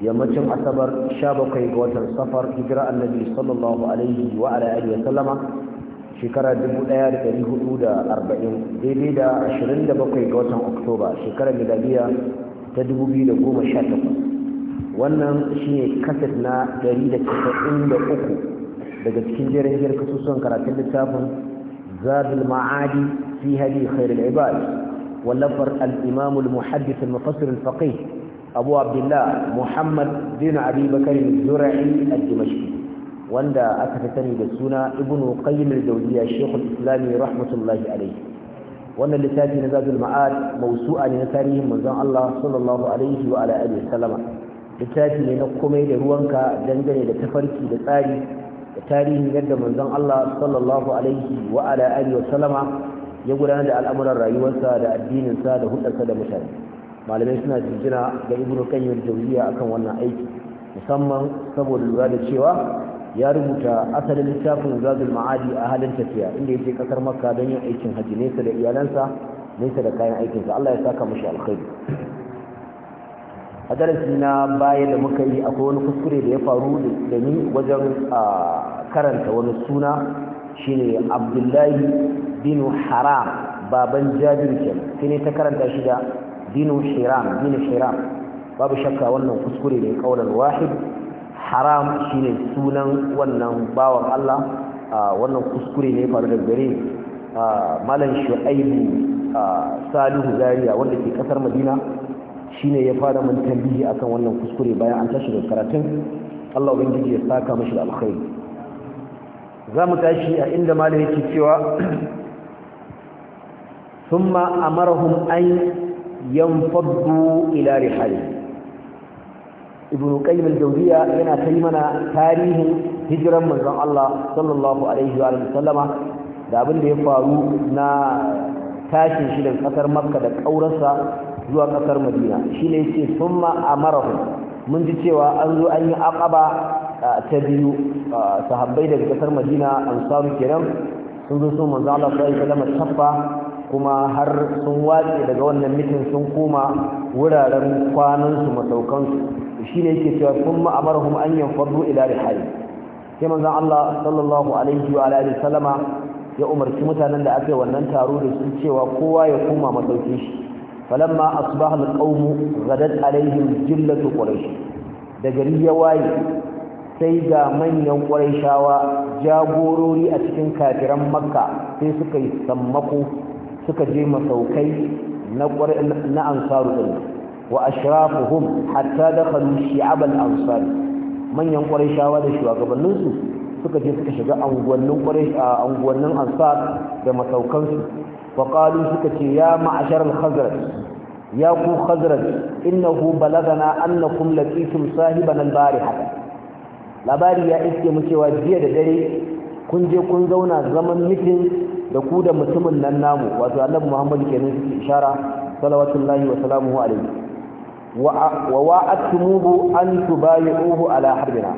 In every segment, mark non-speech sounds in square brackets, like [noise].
yammacin asabar 17 ga watan safar hijira annabi sallallahu alaihi wa ala alihi wa sallama shekara 1440 daidai da 27 ga watan oktoba shekarar miladiya ta 2018 wannan shine kaset na 193 daga cikin jerin jerin kasusuwan karatun littafin zadul ma'adi fi hadi khairul ibad wallafar al-imam al-muhaddith al-mufassir al-faqih abu abdullah muhammad bin abi bakar zura'i al-dimashqi wanda aka fi sani da suna ibnu qayyim al-dawliya shaykhul islam rahmatullahi alayhi wannan littafi na zadul ma'ad mawsu'a ne na tarihin manzon Allah sallallahu alaihi wa ala alihi sallama littafi ne na komai da ruwanka dangane da tafarki da tsari da tarihin yadda manzon Allah sallallahu alaihi wa ala alihi sallama ya gudanar da al'amuran rayuwarsa da addininsa da hudarsa da mutane malamai suna jirgina ga ibnu qayyim jawziya akan wannan aiki musamman saboda lura da cewa ya rubuta asalin littafin zazul ma'adi a halin tafiya inda yake kasar maka don yin aikin haji nesa da iyalansa nesa da kayan aikinsa Allah ya saka mashi alkhairi a darasi na bayan da muka yi akwai wani kuskure da ya faru da ni wajen karanta wani suna shine abdullahi bin haram baban jabir kenan ne ta karanta shi da dinu hiram dinu hiram babu shakka wannan kuskure ne kaulan wahid haram shine sunan wannan bawan Allah wannan kuskure ne faru da gare malam shu'aibu salihu Zariya wanda ke kasar madina shine ya fara mun tambihi akan wannan kuskure bayan an tashi da karatun Allah ubangiji ya saka mashi da alkhairi zamu tashi a inda malami yake cewa ثم أمرهم أن yanfaddu ila rihali ibnu qayyim al-jawziya yana kai mana tarihin hijiran manzon Allah sallallahu alaihi wa sallama da abin da ya faru na tashin shi daga kasar Makka da kaurarsa zuwa kasar Madina shine yace summa amarahu mun ji cewa an zo an yi aqaba ta biyu sahabbai daga kasar Madina ansaru kenan sun zo sun manzo Allah sallallahu alaihi wa sallama kuma har sun watse daga wannan mitin sun koma wuraren kwanansu masaukansu shi ne yake cewa sun ma'amarhum an yin fardu ila sai Allah sallallahu alaihi wa ya umarci mutanen da aka yi wannan taro da su cewa kowa ya koma masaukin shi falamma asbaha alqawmu ghadat alaihim jillatu quraish da gari ya waye sai ga manyan quraishawa jagorori a cikin kafiran makka sai suka yi sammako suka je masaukai na na ansaru din wa ashrafuhum hatta dakhalu shi'ab al-ansar manyan qurayshawa da shugabannin su suka je suka shiga anguwannin a anguwannin ansar da masaukan su wa qalu suka ce ya ma'ashar al-khazraj ya ku khazraj innahu balagana annakum laqitum sahiban al-bariha labari ya iske mu cewa jiya da dare kun je kun zauna zaman mitin da ku da mutumin nan namu wato annabi muhammad kenan suke ishara salawatullahi wa salamuhu alaihi wa wa'atumuhu an tubayuhu ala harbina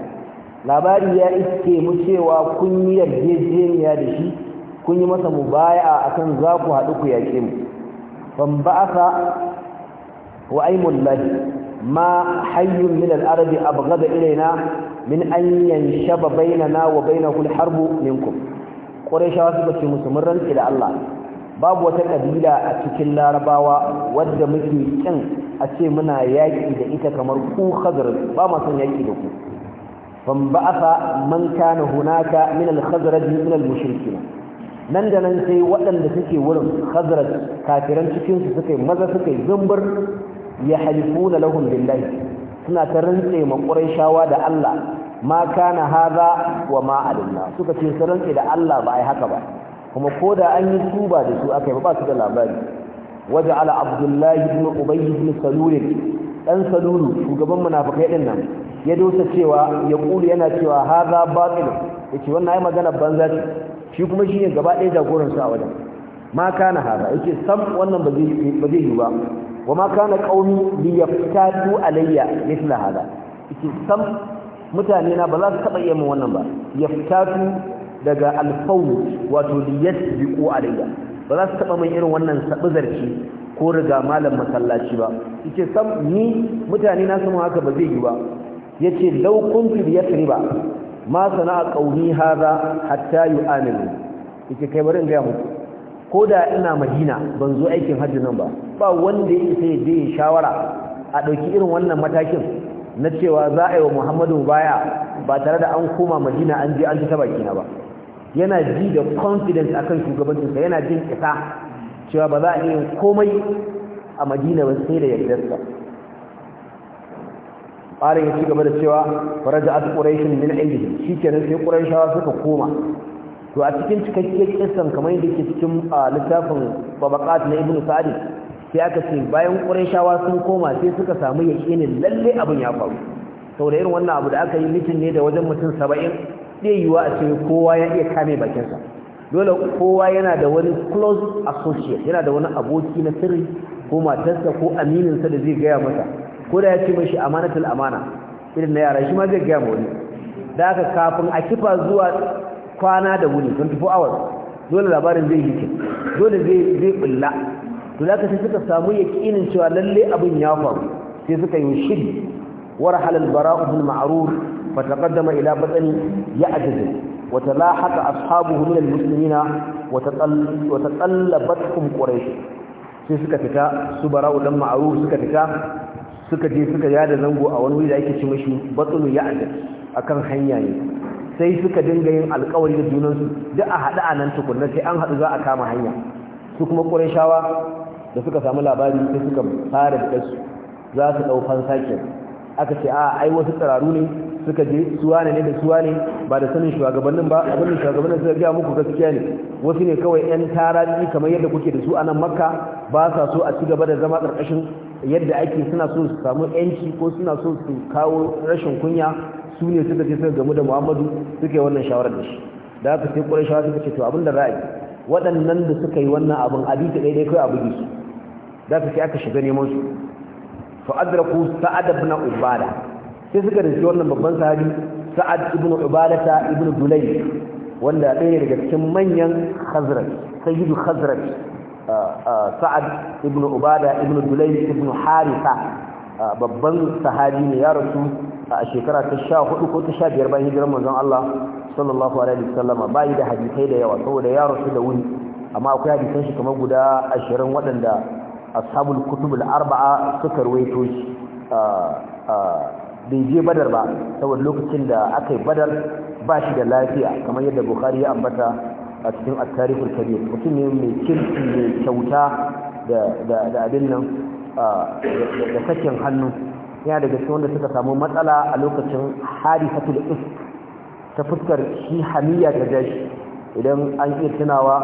labari ya iske mu cewa kun yi yarjejeniya da shi kun yi masa mubaya'a akan za ku haɗu ku yaƙe mu ban ba'asa wa aimullahi ma hayyun min al-arabi abghada ilayna min an yanshaba baynana wa baynakum al-harb minkum quraishawa suke musu mun rantsi da Allah babu wata kabila a cikin larabawa wadda muke kin a ce muna yaƙi da ita kamar ku khazar ba ma san yaki da ku fa ba'atha man kana hunaka min al-khazar min al nan da nan sai waɗanda suke wurin khazar kafiran cikin suke maza suke zumbur yahlifuna lahun billahi suna ta rantse ma quraishawa da Allah ma kana hadha wa ma alimna suka ce su rantse da Allah ba ai haka ba kuma koda an yi tuba da su yi ba su da labari ala abdullahi ibn ubay ibn salul dan salulu shugaban munafikai din nan ya dosa cewa ya kulu yana cewa hadha batil yace wannan ai magana banza ce shi kuma shine gaba ɗaya jagoran sa a wajen ma kana hadha yace sam wannan ba zai ba zai yi ba wa ma kana qaumi li alayya mithla hada iki sam mutane na ba za su taba yi min wannan ba yaftatu daga alfawu wato li yasbiqu alayya ba za su taba min irin wannan sabuzarci ko riga malam masallaci ba yace sam ni mutane na sun haka ba zai yi ba yace law kuntu bi yasriba ma sana'a qaumi hadha hatta yu'aminu yace kai bari in ga muku ko da ina madina ban zo aikin hajji nan ba ba wanda ya isa je ya shawara a ɗauki irin wannan matakin na cewa za a yi wa muhammadu baya ba tare da an koma madina an je an ji ta ba yana ji da confidence akan shugabancinsa yana jin isa cewa ba za a yi komai a madina ba sai da yardarsa ƙarin ya ci gaba da cewa faraja a ƙurashin min ainihin shi kenan sai ƙurashawa suka koma to a cikin cikakken kissan kamar yadda ke cikin littafin Babakat na ibnu sa'id sai aka ce bayan qurayshawa sun koma sai suka samu yakinin lalle abin ya faru da irin wannan abu da aka yi mitin ne da wajen mutum 70 zai yiwa a ce kowa ya iya kame bakin sa dole kowa yana da wani close associate yana da wani aboki na sirri ko matarsa ko amininsa da zai gaya masa ko da ya ce mishi amanatul amana irin na yara shi ma zai gaya ma wani da aka kafin a kifa zuwa kwana da wuni 24 hours dole labarin zai yi dole zai zai bulla to da kace suka samu yakinin cewa lalle abin ya faru sai suka yi shiri warhal halal bara ibn ma'rur fataqaddama ila batni ya'jaz wa talahaqa ashabuhu min al-muslimina wa tatallabatuhum quraish sai suka fita su bara dan ma'rur suka fita suka je suka yada zango a wani wuri da ake ci mashi batnu ya'jaz akan hanya ne sai suka dinga yin alkawari da junansu duk a haɗu a nan tukunna sai an haɗu za a kama hanya su kuma ƙurashawa da suka samu labari sai suka fara da su za su ɗau fansa aka ce a ai wasu tsararu ne suka je suwa ne da suwa ne ba da sanin shugabannin ba abin da shugabannin suka gaya muku gaskiya ne wasu ne kawai yan taraji kamar yadda kuke da su a nan makka ba sa so a ci gaba da zama ƙarƙashin yadda ake suna so su samu yanci ko suna so su kawo rashin kunya su ne suka ce suka gamu da muhammadu suka yi wannan shawarar da shi da haka sai ƙwarai shawarar suka ce to abin da ra'ayi waɗannan da suka yi wannan abin abi ta ɗaiɗai kawai abu su da haka sai aka shiga neman su fa adraku sa'ad ibn ubada sai suka rinci wannan babban sahabi sa'ad ibn ubadata ibn dulay wanda ɗaya daga cikin manyan khazraj sayyidu khazraj sa'ad ibn ubada ibn Dulai, ibn harisa babban sahabi ne ya rasu a shekara ta 14 ko ta 15 bayan hijirar manzon Allah sallallahu alaihi wasallama bai da hadisai da yawa saboda ya rasu da wuri amma akwai hadisan shi kamar guda 20 waɗanda ashabul kutub al-arba'a suka ruwaito shi bai je badar ba saboda lokacin da aka yi badar ba shi da lafiya kamar yadda bukhari ya ambata a cikin attarihul kabir mutum ne mai kirki mai kyauta da abin nan da sakin hannu yana daga cikin wanda suka samu matsala a lokacin harifatul is ta fuskar shi hamiya ta jashi idan an iya tunawa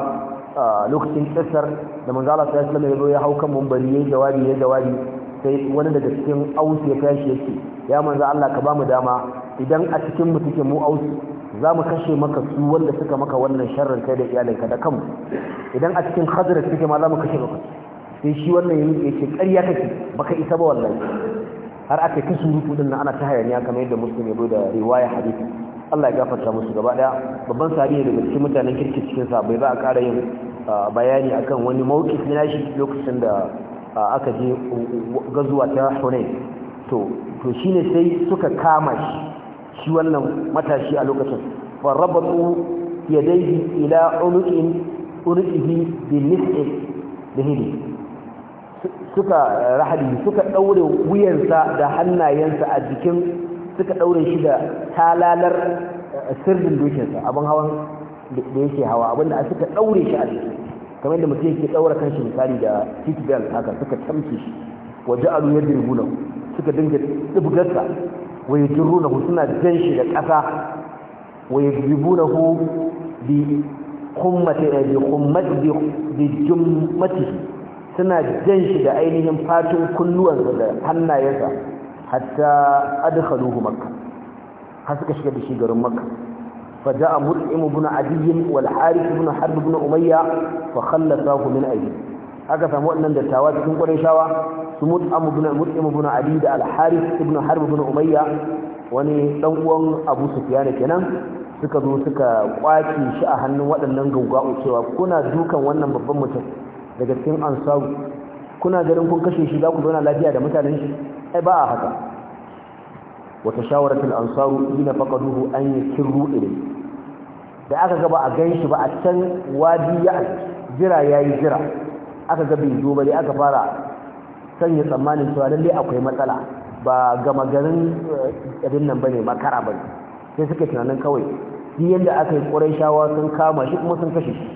lokacin kisar da manzala ta ya ya zo ya hau kan mumbari ya jawabi ya jawabi sai wani daga cikin ausu ya tashi yake ya manza Allah ka ba dama idan a cikin mu suke ausu za mu kashe maka su wanda suka maka wannan sharrin kai da ka da kanmu idan a cikin hadirar suke ma za mu kashe maka sai shi wannan yayi ya ce ƙarya kake baka isa ba wallahi har aka ta surutu kudin ana ta hayaniya kamar yadda muslim ya da riwaya hadisi Allah ya gafarta musu gaba daya babban sari ne daga cikin mutanen kirki cikin sa bai za a ƙara yin bayani akan wani mawqif na shi lokacin da aka je gazuwa ta Hunain to to shine sai suka kama shi shi wannan matashi a lokacin farrabatu yadayhi ila unuqin unuqihi bi da dahili suka rahadi suka daure wuyansa da hannayensa a jikin suka daure shi da talalar eh, sirrin dokinsa abin hawan da yake hawa abinda suka daure shi a jiki kamar yadda mutum yake daura kanshi misali da seatbelt haka suka tamke shi waje a yadda rigunan suka dinga tsibgarsa wa yajrunahu suna jan shi da ƙasa wa yajribunahu bi kummati eh, bi kummati bi jummati suna jan shi da ainihin fatin kulluwan da hannayensa hatta adkhaluhu makka har suka shiga da shi garin makka فجاء مطعم بن عدي والحارث بن حرب بن أمية فخلصاه min أيديه aka samu wannan dattawa cikin qurayshawa su mut'am ibn mut'im ibn ali da al-harith ibn harb ibn umayya wani dan uwan abu sufyan kenan suka zo suka kwaki shi a hannun waɗannan gaugau cewa kuna dukan wannan babban mutum daga cikin ansaru kuna garin kun kashe shi za ku zauna lafiya da mutanen shi ai ba a haka wata shawaratul ansaru ina faqaduhu an yakirru ilayhi da aka ga ba a ganshi ba a can wadi ya jira yayi jira aka ga bai zo bare aka fara sanya tsammanin cewa lallai akwai matsala ba gama garin eh, abin nan bane makara bane sai suka tunanin kawai shi yadda aka yi shawa sun kama shi kuma sun kashe shi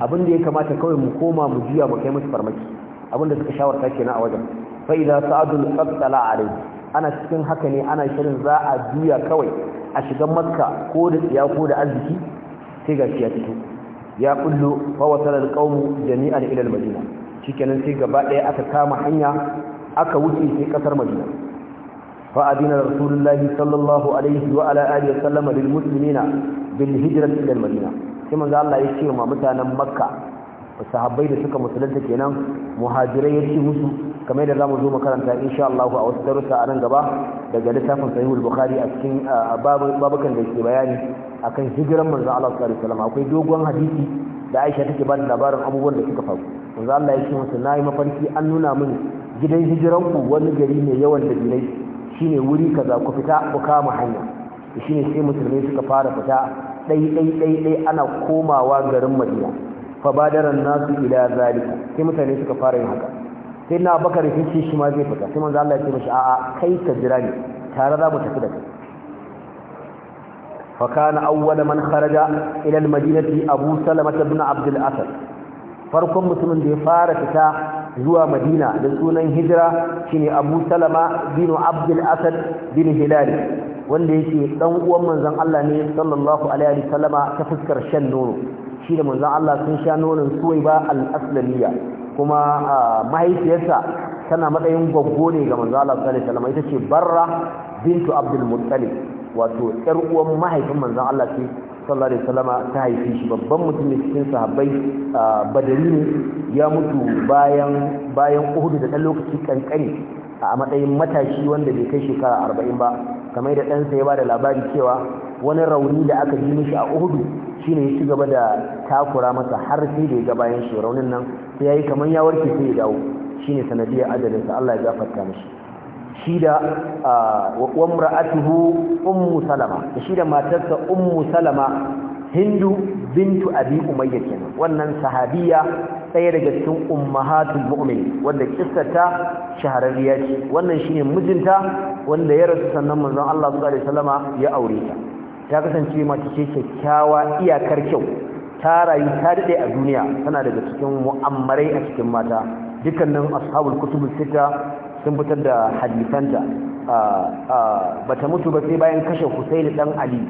abin da ya kamata kawai mu koma mu juya mu kai musu farmaki abin da suka shawarta kenan a wajen fa idza sa'adul qattala alayhi ana cikin haka ne ana shirin za a juya kawai a shiga makka ko da tsiya ko da arziki sai ga shi ya fito ya kullu fa wasala alqawm jami'an ila almadina shikenan sai gaba daya aka kama hanya aka wuce sai kasar madina fa adina rasulullahi sallallahu alaihi wa ala alihi wasallam lil muslimina bil hijrati ila almadina sai manzo Allah ya ce ma mutanen makka sahabbai da suka musulunta kenan muhajirai ya ci musu kamar da zamu zo makaranta insha Allah a wasu darussa a nan gaba daga littafin sahihul bukhari a cikin babukan da ke bayani akan hijiran manzon Allah sallallahu alaihi wasallam akwai dogon hadisi da Aisha take ba da labarin abubuwan da suka faru manzon Allah ya ce musu nayi mafarki an nuna min gidan hijiran ku wani gari mai yawan dabilai shine wuri kaza ku fita ku kama hanya shine sai musulmai suka fara fita dai dai dai dai ana komawa garin Madina fabadaran nasu ila zalika sai mutane suka fara yin haka sai na bakar ya ce shi ma zai fita sai manzo Allah ya ce mishi a'a kai ka jira ne tare za mu tafi da kai fa kana awwala man kharaja ila al-madinati Abu Salama ibn Abd al-Asad farkon mutumin da ya fara fita zuwa Madina da sunan hijira shine Abu Salama bin Abd al-Asad bin Hilal wanda yake dan uwan manzon Allah ne sallallahu alaihi wasallama ta fuskar shan nono shi da manzan Allah sun sha nonon suwai ba al kuma mahaifiyarsa tana matsayin gwaggo ne ga manzon Allah sallallahu alaihi ita ce Barra bintu Abdul Mutsali, wato ƴar uwar mahaifin manzan Allah ce sallallahu alaihi ta haife shi babban mutum ne cikin sahabbai badari ne ya mutu bayan uhudu da ɗan lokaci kankani a matsayin matashi wanda bai kai shekara arba'in ba kamar da ɗansa ya ba da labari cewa wani rauni da aka ji mishi a uhudu shine ya ci gaba da takura masa har sai da ya ga bayan shi raunin nan sai yayi kamar ya warke sai ya dawo shine sanadiyar ajalin sa Allah ya gafarta mishi shi da wa ummu salama da shi da matarsa ummu salama hindu bintu abi umayya kenan wannan sahabiya ɗaya daga cikin ummahatul mu'min wanda kissata shahararriya ce wannan shine mijinta wanda ya rasu sannan manzon Allah sallallahu alaihi wasallama ya aure ta ta kasance mace ce kyakkyawa iyakar kyau ta rayu ta daɗe a duniya tana daga cikin mu'ammarai a cikin mata dukkanin ashabul kutubus sita sun fitar da hadisanta ta mutu ba sai bayan kashe Husaini dan Ali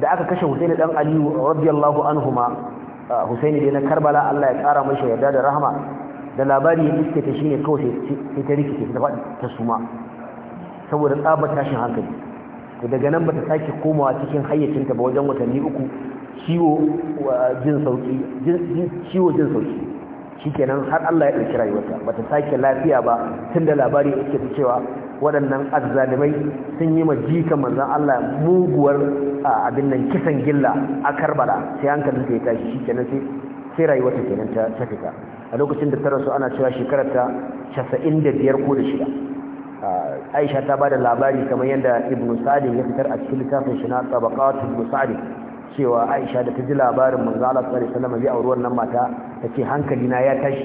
da aka kashe Husaini dan Ali radiyallahu anhuma Husaini dai na Karbala Allah ya kara mai yarda da rahama da labari ya iske ta shine kawai sai ta rikice ta suma saboda tsabar tashin hankali to daga nan ba bata sake komawa cikin hayyacinta ba wajen watanni uku ciwo jin sauki shi har Allah ya ɗauki rayuwarta Ba bata sake lafiya ba tun da labari yake ta cewa waɗannan azzalimai sun yi ma jika manzan Allah muguwar abin nan kisan gilla a Karbala sai hankalin ta ya tashi shikenan sai sai rayuwarta kenan ta fita a lokacin da ta rasu ana cewa shekarar ta 95 ko da shida aisha ta bada labari kamar yadda ibn sa'd ya fitar a cikin littafin shi na tabaqat ibn sa'd cewa aisha da ta ji labarin manzo Allah sallallahu alaihi wasallam zai auri nan mata tace hankali na ya tashi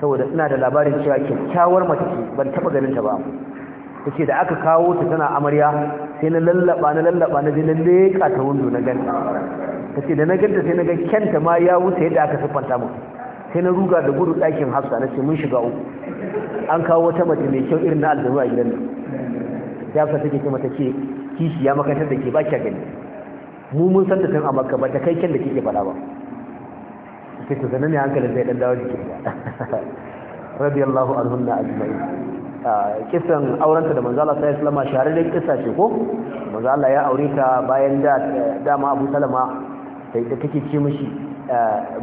saboda ina da labarin cewa kyakkyawar mace ce ban taba ganin ta ba tace da aka kawo ta tana amarya sai na lallaba na lallaba na je na ta wundo na gani tace da na ganta sai na ga kyanta ma ya wuce yadda aka siffanta mu sai na ruga da gudu ɗakin hafsa na ce mun shiga uku an kawo wata mace mai kyau irin na aljanu a gidan nan ya fi take kuma ce kishi ya makantar da ke ba kya gani mu mun san da tun a makka ba ta kai kyan da kike fada ba sai to zanen ne hankalin zai dan dawo jikin ta [laughs] radiyallahu na ajma'in kisan aurenta da manzo Allah sallallahu alaihi wasallam shahararren kissa ce ko manzo Allah ya aure ta bayan da dama Abu Salama sai da take ce mishi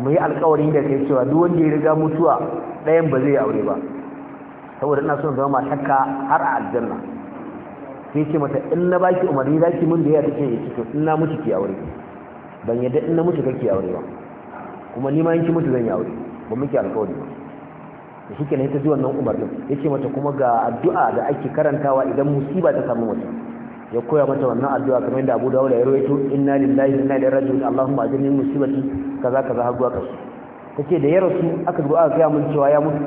mu yi da kai cewa duk wanda ya riga mutuwa ɗayan ba zai aure ba saboda ina son zama shakka har a aljanna sai ce mata in na baki umarni zaki mun min da ya take ya ce to in na mutu ki aure ban yadda in na mutu kake aure ba kuma ni ma in ki mutu zan yi aure ba muke alƙawari ba da shi kenan ta ji wannan umarnin ya ce mata kuma ga addu'a da ake karantawa idan musiba ta samu mutum ya koya mata wannan addu'a kamar yadda Abu Dawud ya rawaito inna lillahi wa inna ilaihi raji'un Allahumma ajirni min musibati kaza kaza har zuwa kasu tace da ya rasu aka zo aka ga mun cewa ya mutu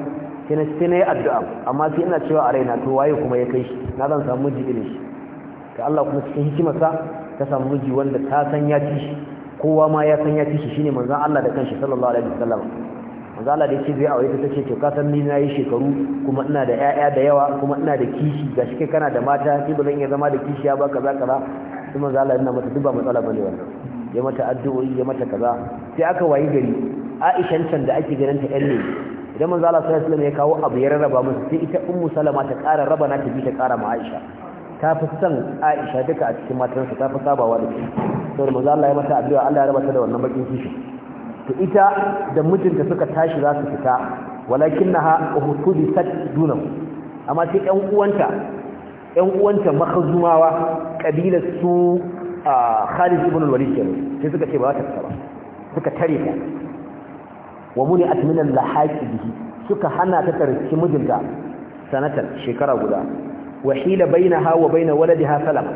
sai na yi addu'a amma sai ina cewa a raina to waye kuma ya kai shi na zan samu miji irin shi ta Allah kuma cikin hikimarsa ta samu miji wanda ta san ya ci shi kowa ma ya san ya ci shi shine manzon Allah da kanshi sallallahu alaihi wasallam manzon Allah da yake zai aure ta tace to ka san ni na yi shekaru kuma ina da ƴaƴa da yawa kuma ina da kishi gashi kai kana da mata ki zan iya zama da kishi ya ba kaza kaza kuma manzon Allah yana mata duba matsala bane wannan ya mata addu'o'i ya mata kaza sai aka wayi gari Aishan can da ake ganin ta ƴan ne idan manzo Allah sallallahu alaihi wasallam ya kawo abu ya rarraba musu sai ita ummu salama ta ƙara raba na ta bi ta ƙara ma Aisha ta fi son Aisha duka a cikin sa ta fi sabawa da shi saboda manzo Allah ya mata addu'a Allah ya raba ta da wannan bakin kishi to ita da mijinta suka tashi za su fita walakinnaha uhudisat dunam amma sai ƴan uwanta ƴan uwanta makhzumawa kabilar su ah, Khalid ibn al-Walid kenan sai suka ce ba za ta fita ba suka tare ta wa muni atminan lahaki bihi suka hana ta tarki mijinta sanatan shekara guda wa hila bainaha wa baina waladiha salama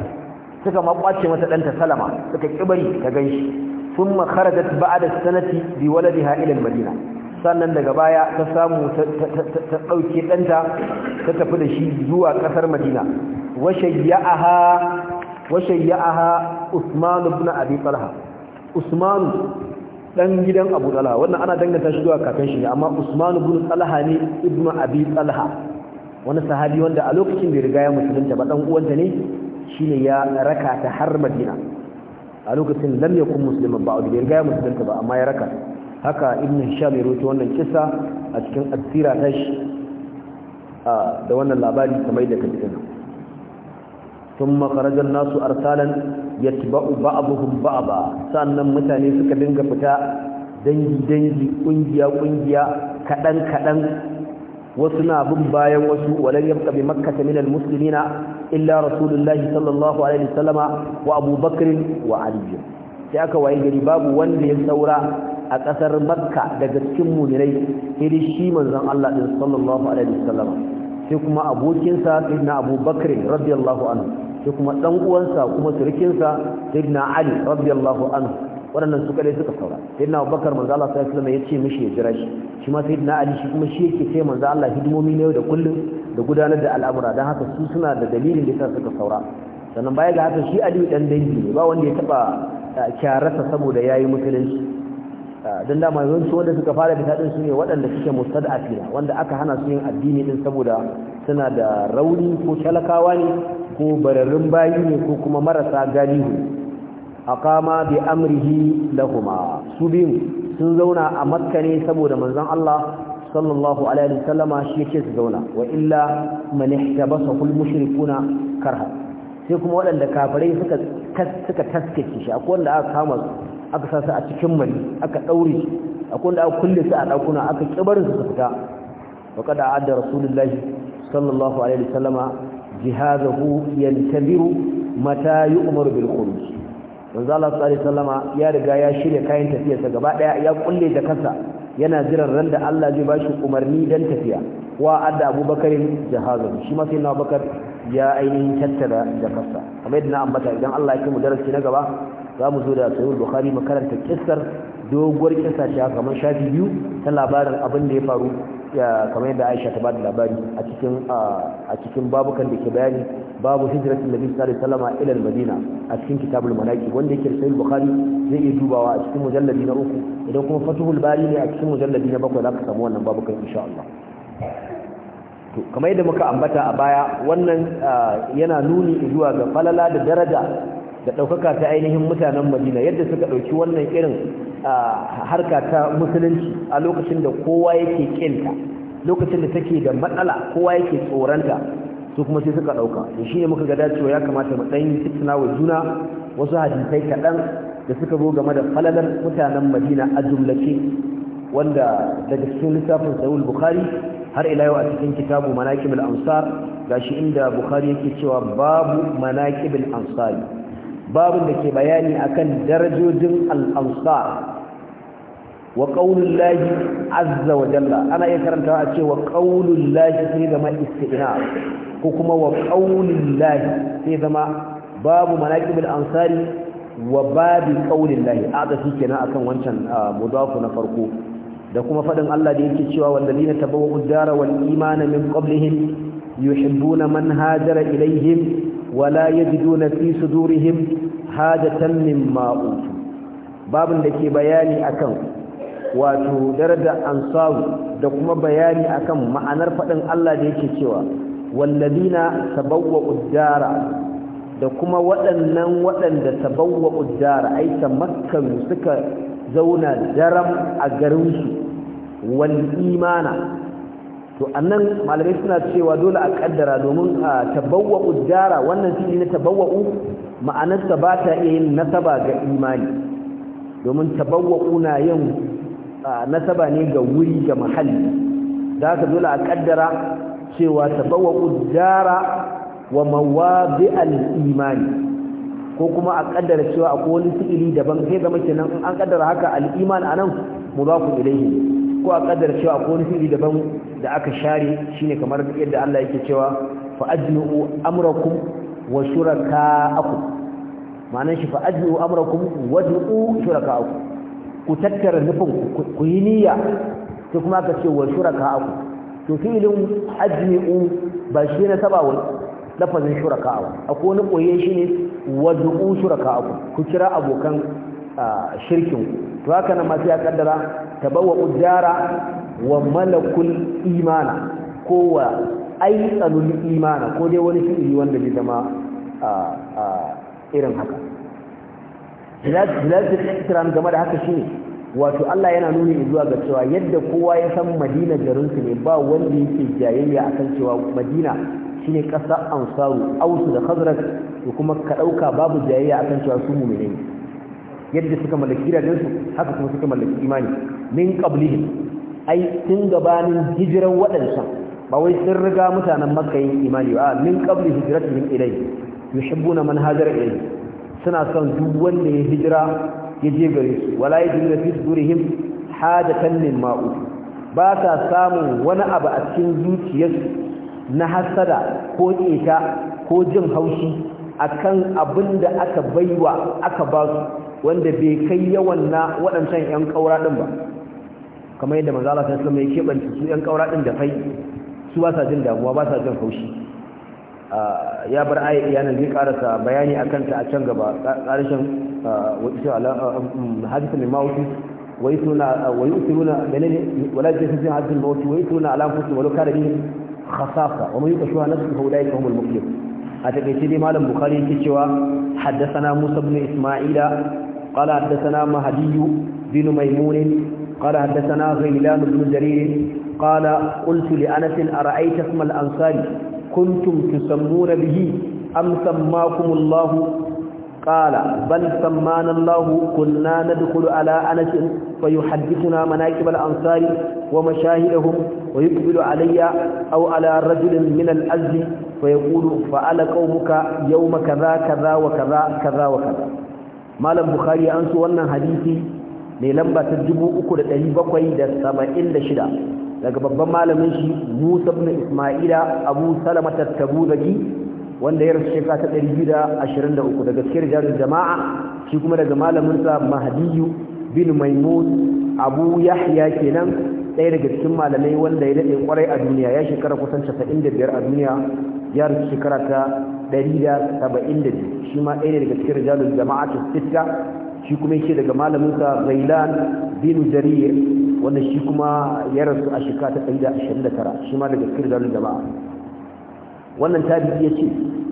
suka makwace mata danta salama suka kibari ta ganshi thumma kharajat ba'da sanati bi waladiha ila al sannan daga baya ta samu ta dauke danta ta tafi da shi zuwa kasar madina wa shayya'aha wa shayya'aha usman ibn abi talha usman dan gidan Abu Talha wannan ana danganta shi zuwa kafin shi amma Usman ibn Talha ne ibnu Abi Talha wani sahabi wanda a lokacin da riga ya musulunta ba dan uwanta ne shine ya raka ta har Madina a lokacin lam yakun musliman ba da riga ya musulunta ba amma ya raka haka Ibn Hisham ya rawaito wannan kissa a cikin asira tashi da wannan labari kamar da kake thumma kharaja nasu arsalan yatba'u ba'dhum sannan mutane suka dinga fita dangi dangi kungiya kungiya kadan kadan wasu na bin bayan wasu walan yabqa bi makkah min al-muslimina illa rasulullah sallallahu alaihi wasallama wa abubakar wa ali sai aka waye gari babu wanda ya saura a ƙasar makka daga cikin muminai iri shi manzon Allah din sallallahu alaihi wasallam sai kuma abokinsa sayyidina abubakar radiyallahu anhu sai kuma dan uwansa kuma turkinsa sayyidina ali radiyallahu anhu waɗannan su kadai suka saura sayyidina abubakar manzo Allah sallallahu alaihi wasallam mishi ya jira shi shi ma sayyidina ali shi kuma shi yake sai manzo Allah hidimomi na yau da kullun da gudanar da al'amura dan haka su suna da dalilin da suka saura sannan baya ga haka shi ali dan dangi ba wanda ya taba kyararsa saboda yayi musulunci dan dama yawanci wanda suka fara fita din su ne waɗanda suke mustad'afina wanda aka hana su yin addini din saboda suna da rauni ko talakawa ne ko bararrun bayi ne ko kuma marasa galihu aqama bi amrihi kuma su biyu sun zauna a makka ne saboda manzan Allah sallallahu alaihi wasallama shi ke su zauna wa illa man ihtabasahu kuna karha sai kuma waɗanda kafirai suka suka taskace shi akwai wanda aka kama aka sa su a cikin mari aka daure shi akwai wanda aka kulle su a dakuna aka kibarin su fita wa kada adda rasulullahi sallallahu alaihi wasallama jihazahu yantabiru mata yu'maru bil khuruj manzo Allah sallallahu alaihi wasallama ya riga ya shirya kayan tafiyarsa gaba daya ya kulle da kansa yana jiran ran da Allah zai bashi umarni dan tafiya wa adda abubakarin jahazahu shi ma sai na abubakar ya ainihin tattara da kansa kamar yadda na ambata idan Allah ya kai mu darasi na gaba za mu zo da sahih bukhari mu karanta kissar doguwar kissa ta kamar shafi biyu ta labarin abin da ya faru kamar yadda Aisha ta bada labari a cikin a babukan da ke bayani babu hijratul nabi sallallahu alaihi wasallam ila al-madina a cikin kitabul malaki wanda yake sahih bukhari zai iya dubawa a cikin mujalladi na uku idan kuma fatuhul bari ne a cikin mujalladi na bakwai zaka samu wannan babukan insha Allah to kamar yadda muka ambata a baya wannan yana nuni zuwa ga falala da daraja da ɗaukaka ta ainihin mutanen madina yadda suka ɗauki wannan irin harka ta musulunci a lokacin da kowa yake ƙinta lokacin da take da matsala kowa yake tsoranta su kuma sai suka ɗauka da shi ne muka ga cewa ya kamata mu ɗan fitina wa juna wasu hadisai kaɗan da suka zo game da falalar mutanen madina a jumlace wanda daga cikin lissafin sahihul bukhari har ila yau a cikin kitabu manaqibul ansar gashi inda bukhari yake cewa babu manaqibul ansari babin da ke bayani akan darajojin al-ansar wa lahi azza wa jalla ana iya karantawa a ce wa qaulul lahi sai zama isti'na ko kuma wa lahi sai zama babu manaqibul ansari wa babu qaulul lahi ada kenan akan wancan mudafu na farko da kuma faɗin Allah da yake cewa wallazina tabawwa'u dara wal imana min qablihim يحبون من هاجر إليهم ولا يجدون في صدورهم حاجة مما أوتوا باب دكي بياني أكن wato daraja ansaru da kuma bayani akan ma'anar faɗin Allah da yake cewa wallazina tabawwa uddara da kuma waɗannan waɗanda tabawwa uddara ai makkan suka zauna daram a garinsu wal imana to annan malamai suna cewa dole a kaddara domin a tabawwa'u ujara. wannan fili na tabawwa'u ma'anarsa ba ta iya yin nasaba ga imani domin tabawwa'u na yin nasaba ne ga wuri ga mahalli da haka dole a kaddara cewa tabawwa'u ujara wa mawadi'al imani ko kuma a kaddara cewa akwai wani fi'ili daban sai zama kenan nan an kaddara haka al-iman anan mudafu ilayhi ko a kaddara cewa akwai wani fi'ili daban da aka share shine kamar yadda Allah yake cewa fa ajnu amrakum wa shurakaakum ma'anar shi fa ajnu amrakum wa du'u shurakaakum ku tattara nufin ku yi niyya sai kuma aka ce wa shurakaakum to fi'ilin ajnu ba shi na saba wa lafazin shurakaakum akwai wani koye shi ne wa du'u shurakaakum ku kira abokan ah, shirkin ku. to haka nan ma sai ya kaddara tabawwa ujjara wa malakul imana ko wa aitsalul imana ko dai wani fi'ili wanda bai zama irin haka zilatul ikram game da haka shine wato Allah yana nuni zuwa ga cewa yadda kowa ya san Madina garin su ne ba wanda yake jayayya akan cewa Madina shine ƙasa Ansaru Ausu da Khazraj to kuma ka dauka babu jayayya akan cewa su mu'mini ne yadda suka mallaki gidajen haka kuma suka mallaki imani min qablihim ai tun gabanin hijiran waɗansa ba wai sun riga mutanen makka yin imani ba min qabli hijratihim ilai yuhibbuna man hajara ilai suna son duk wanda ya hijira ya je gare su wala yajiduna fi sudurihim hajatan ma'u ba ta samun wani abu a cikin zuciyarsu na hasada ko ƙeta ko jin haushi akan abin da aka baiwa aka ba su wanda bai kai yawan na waɗancan 'yan ƙaura ɗin ba kamar yadda manzo Allah sallallahu alaihi wasallam ya kebanta su yan kaura din da fai su ba sa jin damuwa ba sa jin haushi ya bar ayi iyanan zai karasa bayani akan ta a can gaba karshen wato ala um, hadith al-maut wa yusuna wa yusuna menene wala jasin hadith al-maut wa yusuna ala anfusihim walau kana bihim wa man yuqashuha nafsuhu ulai ka humul muflihun a takeice dai malam bukhari yake cewa haddathana musa ibn isma'ila qala haddathana mahdi bin maimun قال حدثنا غيلان بن جرير قال قلت لأنس أرأيت اسم الأنصار كنتم تسمون به أم سماكم الله قال بل سمانا الله كنا ندخل على أنس فيحدثنا مناكب الأنصار ومشاهدهم ويقبل علي أو على رجل من الأزل فيقول فعل قومك يوم كذا كذا وكذا كذا وكذا مالا بخاري انس وان حديثي mai lamba ta 3776 daga babban malamin shi Musa ibn Isma'ila Abu Salama at-Tabuzaki wanda ya rasu shekara ta 223 daga cikin rijalul jama'a shi kuma daga malamin sa Mahdiyu bin Maimun Abu Yahya kenan ɗaya daga cikin malamai wanda ya daɗe ƙwarai a duniya ya shekara kusan 95 a duniya ya rasu shekara ta 172 shi ma ɗaya daga cikin rijalul jama'a ta sitta shi kuma yake daga malaminsa Ghailan bin Jarir wanda shi kuma ya rasu a shekara ta 129 shi ma daga kirdarun jama'a wannan tabi'i yace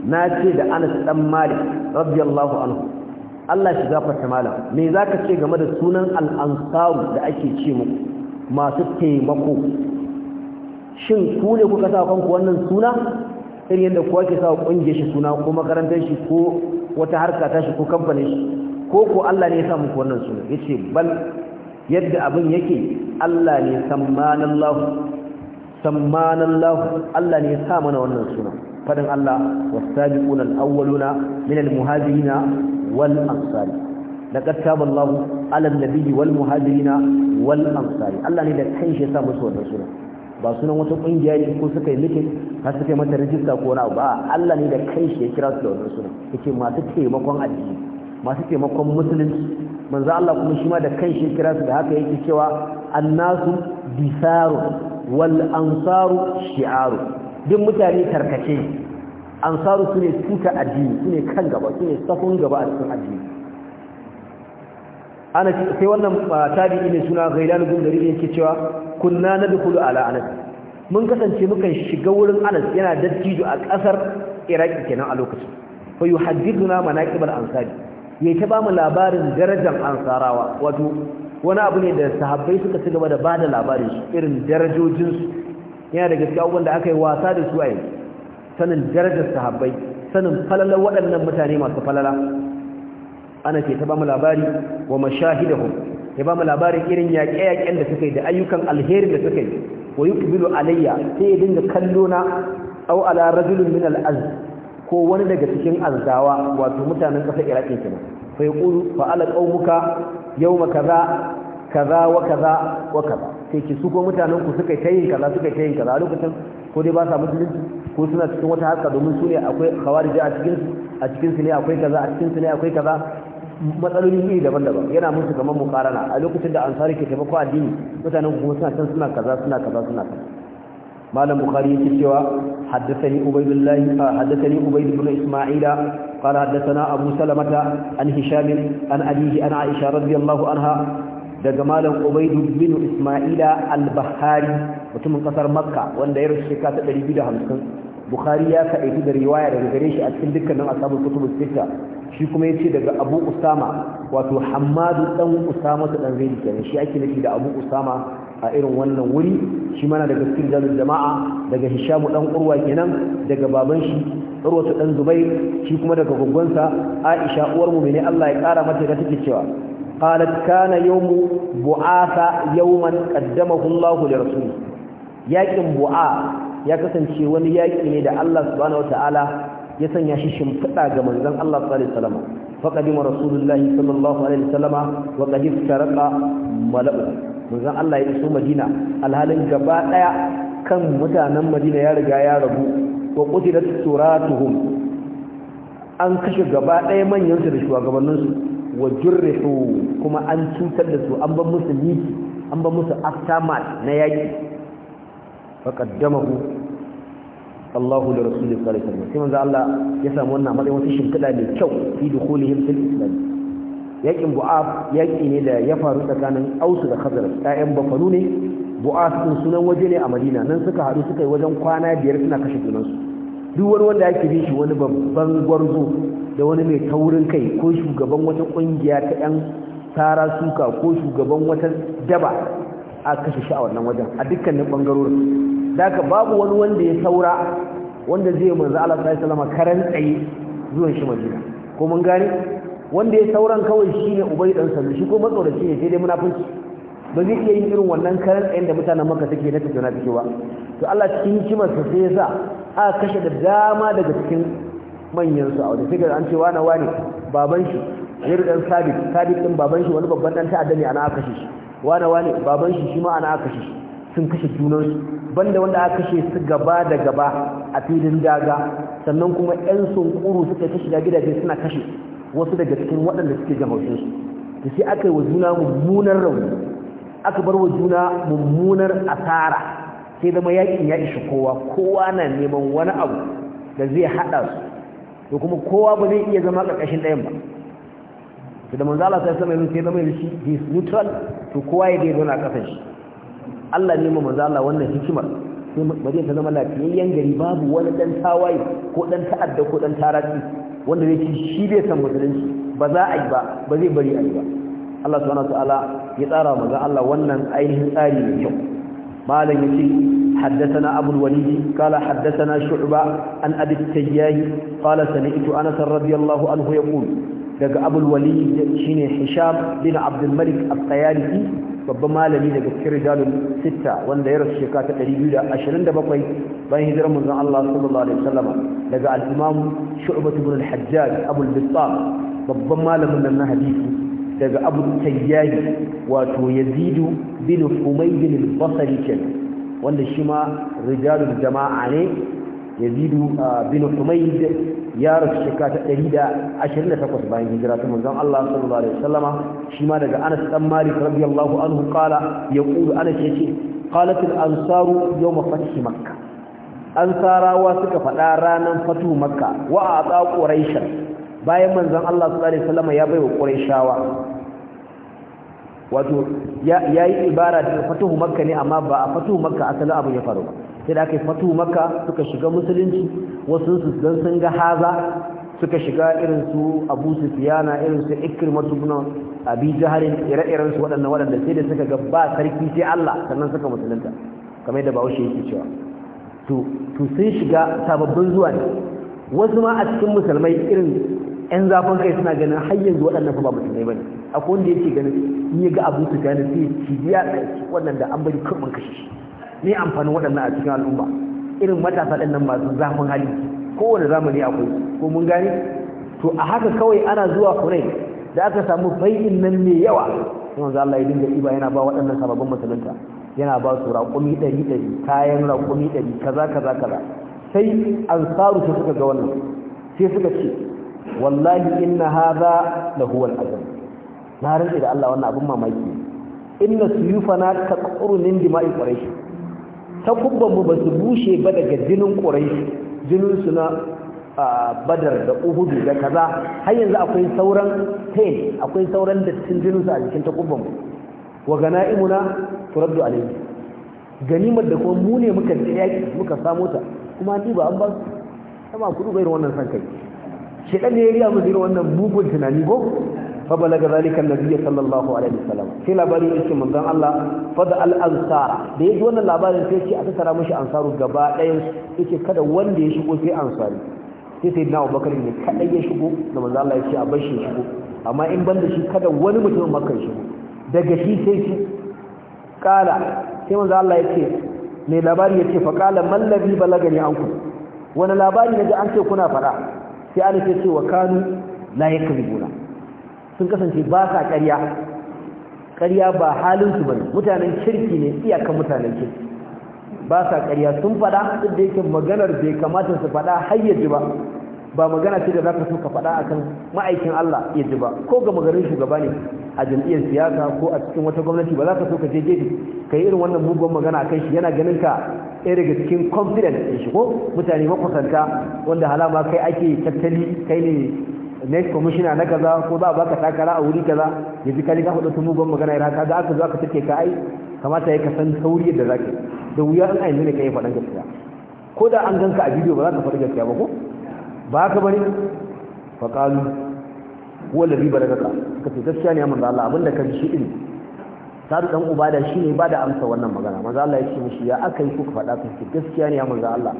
na ce da Anas dan Malik radiyallahu anhu Allah shi gafarta malam me zaka ce game da sunan al-ansar da ake ce muku masu taimako shin ku ne kuka sa kanku wannan suna irin yadda kowa ke sa kungiyar shi suna ko makarantar shi ko wata harka ta shi ko kamfanin shi ko ko Allah ne ya sa muku wannan suna yace bal yadda abin yake Allah ne sammanallahu sammanallahu Allah ne ya sa mana wannan suna fadin Allah wasabiquna alawwaluna min almuhajirina wal ansar laqad taba Allahu ala an-nabiyyi wal muhajirina wal ansar Allah ne da kanshi ya sa musu wannan suna ba sunan wata kungiya ne ko suka yi mitin har suka yi mata rijista ko na ba Allah ne da kanshi ya kira su da wannan suna yake masu taimakon addini masu taimakon musulunci manzo Allah kuma shi ma da kan shi kira su da haka yake cewa annasu bisaru wal ansaru shi'aru duk mutane tarkace ansaru sune suka addini sune kan gaba sune safon gaba a cikin addini ana sai wannan tabi'i ne suna Ghailan bin Dari yake cewa kunna nadkhulu ala anas mun kasance mukan shiga wurin Anas yana dattijo a kasar Iraki kenan a lokacin fa yuhaddithuna manaqib al-ansari ya ta ba mu labarin darajar ansarawa wato wani abu ne da sahabbai suka ci gaba da ba da labarin su irin darajojinsu yana da gaske abubuwan da aka yi wasa da su a yi sanin darajar sahabbai sanin falalar waɗannan mutane masu falala ana ke ta ba mu labari wa mashahidahum ya ba mu labarin irin yaƙe-yaƙen da suka yi da ayyukan alherin da suka yi wa yuqbilu alayya sai ya dinga kallo na aw ala rajulin min al ko wani daga cikin azzawa wato mutanen ƙasar iraki kenan fa yaqulu fa ala qaumuka yawma kaza kaza wa kaza wa kaza sai ki su ko mutanen ku suka yin kaza suka yin kaza lokacin ko dai ba sa musulunci ko suna cikin wata haska domin su ne akwai khawarij a cikin a cikin su ne akwai kaza a cikin su ne akwai kaza matsaloli iri daban-daban yana musu kamar mukarana a lokacin da ansari ke taimako addini mutanen kuma suna can suna kaza suna kaza suna kaza malam bukhari yake cewa haddathani ubaydullah haddathani ubayd ibn isma'ila qala haddathana abu salamata an hisham an abihi an aisha radiyallahu anha daga malam ubayd ibn isma'ila al-bahari mutumin kasar makka wanda ya rushe shekara 250 bukhari ya kaɗaitu da riwaya daga gare shi a cikin dukkanin ashabul kutub sitta shi kuma yace daga abu usama wato hammadu dan usama dan zaidi kenan shi ake nufi da abu usama a irin wannan wuri shi mana daga cikin jalil jama'a daga hishamu dan urwa kenan daga baban shi urwa dan Zubai, shi kuma daga gungunsa aisha uwar mu ne Allah ya kara mata da take cewa qalat kana yawmu bu'atha yawman qaddamahu Allah li rasul Yaƙin bu'a ya kasance wani yaƙi ne da Allah subhanahu ya sanya shi shimfida ga manzon Allah sallallahu alaihi wasallam faqadima rasulullahi sallallahu alaihi wasallama wa qad manzon Allah ya iso Madina alhalin gaba daya kan mutanen Madina ya riga ya rabu wa qutilat suratuhum an kashe gaba daya manyan su da shugabannin su wa jurrihu kuma an cutar da su an ban musu liki an ban musu aftermath na yaki faqaddamahu Allahu da Rasulullahi sallallahu alaihi wasallam sai manzo Allah ya samu wannan matsayin wata shimfida mai kyau fi dukhulihim fil islam yakin bu'af yaki ne da ya faru tsakanin ausu da khazar ƴaƴan bafalu ne bu'af ɗin sunan waje ne a madina nan suka hadu suka yi wajen kwana biyar suna kashe su duk wani wanda yake bin shi wani babban gwarzo da wani mai taurin kai ko shugaban wata kungiya ta ƴan tara suka ko shugaban wata daba a kashe shi a wannan wajen a dukkanin ɓangarorin da babu wani wanda ya saura wanda zai manzo Allah sallallahu alaihi wasallam karan tsaye zuwan shi madina ko mun gane wanda ya sauran kawai shi ne ubai dan salu shi ko matsoraci ne sai dai munafunci ba zai iya yin irin wannan karan tsayin da mutanen maka suke na tafiya na cewa to Allah cikin hikimar sa sai sa a kashe da dama daga cikin manyan su a wajen sai ga an ce wani wani baban shi ya dan sabit sabit din baban shi wani babban dan ta'adda ne ana aka kashe shi wani wani baban shi shi ma ana aka kashe shi sun kashe junan su banda wanda aka kashe su gaba da gaba a filin daga sannan kuma yan sunkuru suka kashe da gidaje suna kashe wasu daga cikin waɗanda suke jama'in su da sai aka yi wa juna mummunar rauni aka bar wa juna mummunar asara sai zama yakin ya ishi kowa kowa na neman wani abu da zai haɗa su to kuma kowa ba zai iya zama ƙarƙashin ɗayan ba to da Manzala sai sama yanzu sai zama yanzu shi is neutral to kowa ya dai zauna ƙasan shi Allah ne ma Manzala wannan hikimar sai Madina ta zama lafiyayyen gari babu wani ɗan tawaye ko ɗan ta'adda ko ɗan taratsi wanda zai ci shi bai san musulunci ba za a yi ba ba zai bari a yi ba Allah subhanahu wataala ya tsara maza Allah wannan ainihin tsari ne kyau malam yace حدثنا أبو الوليد قال حدثنا شعبة عن أبي التياه قال سمعت أنس رضي الله عنه يقول daga abul walid shine hisham bin abdul malik al babban malami daga cikin rijalun sitta wanda ya rasu shekara ta 227 bayan hijirar manzon Allah sallallahu alaihi wasallam daga al-Imam Shu'bah ibn al-Hajjaj Abu al-Bittab babban malamin nan na hadisi daga Abu wato Yazid bin Humayd al-Basri wanda shi ma rijalul jama'a ne yazidu bin humayd ya rasu shekara ta 128 bayan hijira ta manzon Allah sallallahu alaihi wasallama shi ma daga Anas dan Malik radiyallahu anhu qala yaqulu Anas yace qalat al ansaru yawm fath makkah ansarawa suka faɗa ranar fatu makkah wa ata bayan manzon Allah sallallahu alaihi wasallama ya baiwa wato ya yi ibara da fatuhu makka ne amma ba a fatuhu makka asalin abu ya faru ba sai da aka yi fatuhu makka suka shiga musulunci wasu su don sun ga haza suka shiga irin su abu sufiyana irin su ikrimatu ibn abi jahl ire-iren su waɗannan waɗanda sai da suka ga ba sarki sai Allah sannan suka musulunta kamar yadda Bahaushe yake cewa to to sun shiga sababbin zuwa ne wasu ma a cikin musulmai irin yan zafin kai suna ganin har yanzu waɗannan fa ba ne bane akwai wanda yake ganin in ya ga abu su gane sai cibiya da wannan da an bari kurban kashe shi ne amfanin waɗannan a cikin al'umma irin matasa ɗin nan masu zafin hali kowane zamani akwai ko mun gane to a haka kawai ana zuwa kunai da aka samu fai'in nan mai yawa yanzu Allah ya dinga iba yana ba waɗannan sababbin musulunta yana ba su raƙumi ɗari ɗari kayan raƙumi ɗari kaza kaza kaza sai ansaru su suka ga wannan sai suka ce wallahi inna hadha la huwa al azam na rike da Allah wannan abun mamaki inna suyufana taquru min dima'i quraish takubban mu basu bushe ba daga jinin quraish jinin su na badar da uhudu da kaza har yanzu akwai sauran pain akwai sauran dattin jinin su a jikin takubban mu wa ganaimuna turaddu alayhi ganimar da kuma mu ne muka tsaya muka samu ta kuma ni ba an ba su sama ku duba irin wannan san kai shedan ne ya riya musu wannan bugun tunani ko fa balaga zalika annabi sallallahu alaihi wasallam sai labarin ya ce manzon Allah fada al ansara da yaji wannan labarin sai yake aka tara mishi ansaru gaba ɗayan yake kada wanda ya shigo sai ansari sai sai na Abubakar ne kada ya shigo da manzon Allah yake a bashi shigo amma in banda shi kada wani mutum makkan shigo daga shi sai shi kala sai manzon Allah ce mai labari ce fa kala mallabi balagani anku wani labari naji an ce kuna fara sai alif ya ce wa kanu la yakribuna sun kasance ba sa ƙarya ƙarya ba halin su bane mutanen kirki ne iyakan mutanen kirki ba sa ƙarya sun faɗa duk da yake maganar bai kamata su faɗa hayyaji ba ba magana ce da za ka so ka faɗa akan ma'aikin Allah ya ji ba ko ga magarin shugaba ne a jam'iyyar siyasa ko a cikin wata gwamnati ba za ka so ka je gefe ka yi irin wannan mugun magana akan shi yana ganin ka ɗaya daga cikin confident ɗin shi ko mutane makusanta wanda halama kai ake tattali kai ne next commissioner na kaza ko za a baka takara a wuri kaza ya ji ka faɗa mugun magana ya ka ga aka zo aka take ka ai kamata ya kasan sauri yadda za ka da wuya in yanzu ne ka yi faɗan gaskiya ko da an ganka a bidiyo ba za ka faɗi gaskiya ba ko ba bari bane fa qalu huwa alladhi ka ce gaskiya ne amma Allah abinda ka ji shi din sabu dan ubada shine ba da amsa wannan magana manzo Allah ya ce mishi ya akai ka faɗa kace gaskiya ne amma Allah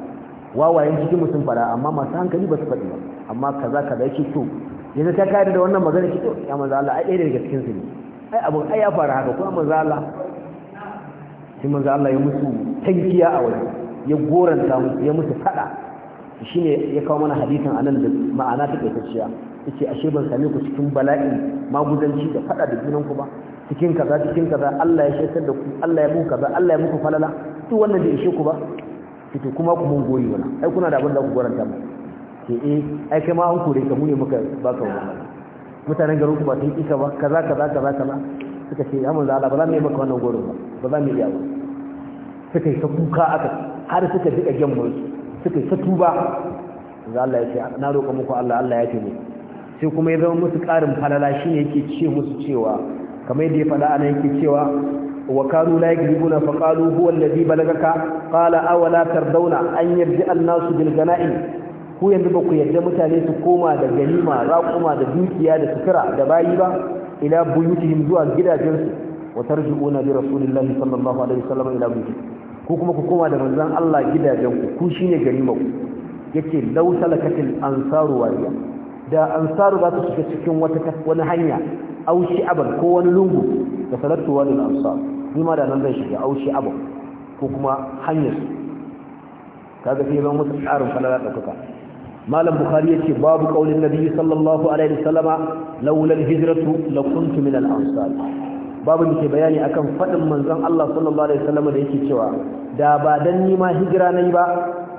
wawayen cikin mutum fara amma masu hankali ba su faɗi ba amma kaza kaza yake to yanzu ta kayar da wannan magana ki to ya manzo Allah ai ɗaya daga cikin su ne ai abu ai ya fara haka kuma manzo Allah sai manzo Allah ya musu tankiya a waje ya goranta musu ya musu faɗa. ne ya kawo mana hadisin anan da ma'ana ta kaitacciya yace ashe ban same ku cikin bala'i maguzanci da fada da junan ku ba cikin kaza cikin kaza Allah ya shekar da ku Allah ya muku kaza Allah ya muku falala duk wannan da ishe ku ba kike kuma ku mun goyi wala ai kuna da abin da ku goranta mu ke eh ai kai ma an kore ka mu ne muka ka wannan mutanen garin ku ba sun kika ba kaza kaza kaza kaza suka ce ya manzo Allah ba za mu yi maka wannan gorin ba ba za mu yi ba suka yi ta kuka aka har suka jiƙa gemmun su suka yi tuba za Allah ya ce na roƙa muku Allah Allah ya ce ne sai kuma ya zama musu ƙarin falala shi ne yake ce musu cewa kamar yadda ya faɗa ana yake cewa wa kanu la yakribuna fa qalu huwa alladhi balagaka qala awala tardawna an yarji an-nasu bil ganaim ku yanzu ba ku yarda mutane su koma da ganima raƙuma da dukiya da sukura da bayi ba ila buyutihim zuwa gidajensu wa tarji'una bi rasulillahi sallallahu alaihi wasallam ila buyutihim ko kuma ku koma da manzon Allah gidajen ku ku shine ganimar ku yace law salakatil ansaru wariya da ansaru za su shiga cikin wani hanya au shi'aban ko wani lungu da salatu walil ansar ni ma da nan zai shiga au shi'aban ko kuma hanyar Ka ga sai ban wasu tsarin falala dauka malam bukhari ce babu qaulin nabi sallallahu alaihi wasallama laula al-hijratu la kuntu min al-ansar babu da ke bayani akan faɗin manzon Allah sallallahu alaihi wasallam da yake cewa da ba dan ni ma hijira nayi ba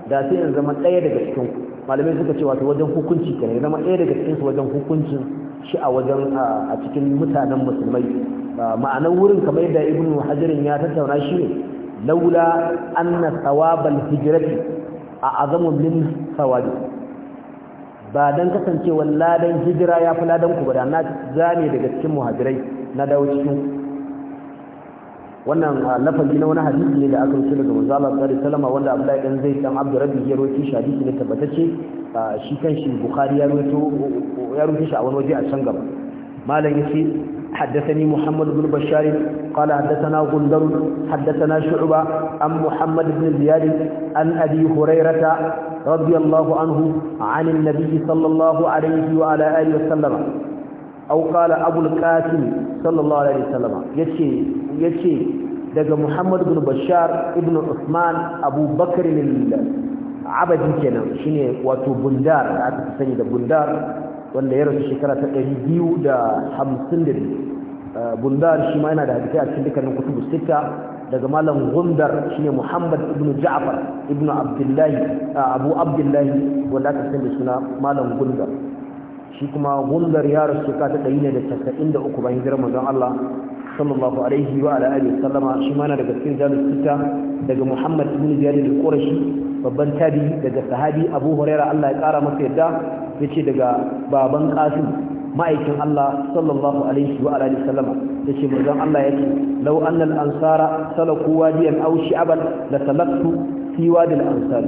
da sai in zama ɗaya daga cikin ku malamai suka ce wato wajen hukunci kenan zama ɗaya daga cikin su wajen hukuncin shi a wajen a cikin mutanen musulmai ma'anar wurin kamar yadda ibnu hajar ya tattauna shi ne laula anna thawabal hijrati a azamu min thawabi ba dan kasancewa ladan hijira ya fi ladan ku ba da na zane daga cikin muhajirai na dawo cikin wannan ah, lafazi na wani hadisi ne da aka rubuta daga manzo Allah sallallahu alaihi wasallam wanda Abdullahi dan Zaid dan Abdurrabbi ya rawaito shi hadisi ne tabbatacce ah, shi kanshi Bukhari ya rawaito ya rawaito shi a wani waje a can gaba malam yace حدثني محمد بن بشار قال حدثنا غندر حدثنا شعبة عن محمد بن زياد عن أبي هريرة رضي الله عنه عن النبي صلى الله عليه وعلى آله وسلم aw qala abul qasim sallallahu alaihi wasallam ya ce daga muhammad bin bashar ibn usman abubakar abadi kenan shine wato bundar da aka sani da bundar wanda ya rasu shekara ta 252 bundar shi ma yana da hadisi a cikin dukkanin kutubu sita daga malam gundar shine muhammad ibn ja'far ibn abdullahi abu abdullahi wanda aka sani suna malam gundar shi kuma gundar ya rasu ka ta ɗari ne da tasa'in da uku bayan hijirar manzon Allah sallallahu alaihi wa ala alihi sallama shi mana daga cikin jalus sita daga Muhammad ibn Ziyad al-Qurashi babban tabi daga sahabi Abu Hurairah Allah ya kara masa yadda yace daga baban Qasim ma'aikin Allah sallallahu alaihi wa ala alihi sallama yace manzon Allah yake law annal ansara salaku wadiyan aw shi'aban la salaktu fi da al-ansar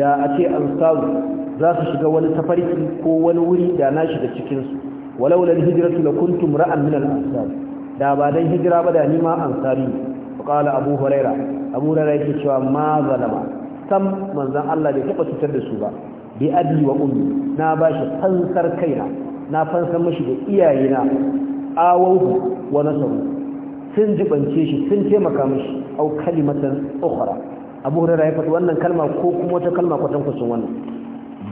da ce ansaru za su shiga wani tafarki ko wani wuri da na shiga cikinsu walau hijira hijratu lakuntum ra'an min al-ansar da ba dan hijira ba da ni ma ansari qala abu huraira abu huraira yake cewa ma zalama sam manzon Allah bai taba cutar da su ba bi abi wa ummi na bashi fansar kaina na fansar mashi da iyayena awahu wa nasaru sun jibance shi sun taimaka mashi au kalimatan ukhra abu huraira ya faɗi wannan kalma ko kuma wata kalma kwatankwacin wannan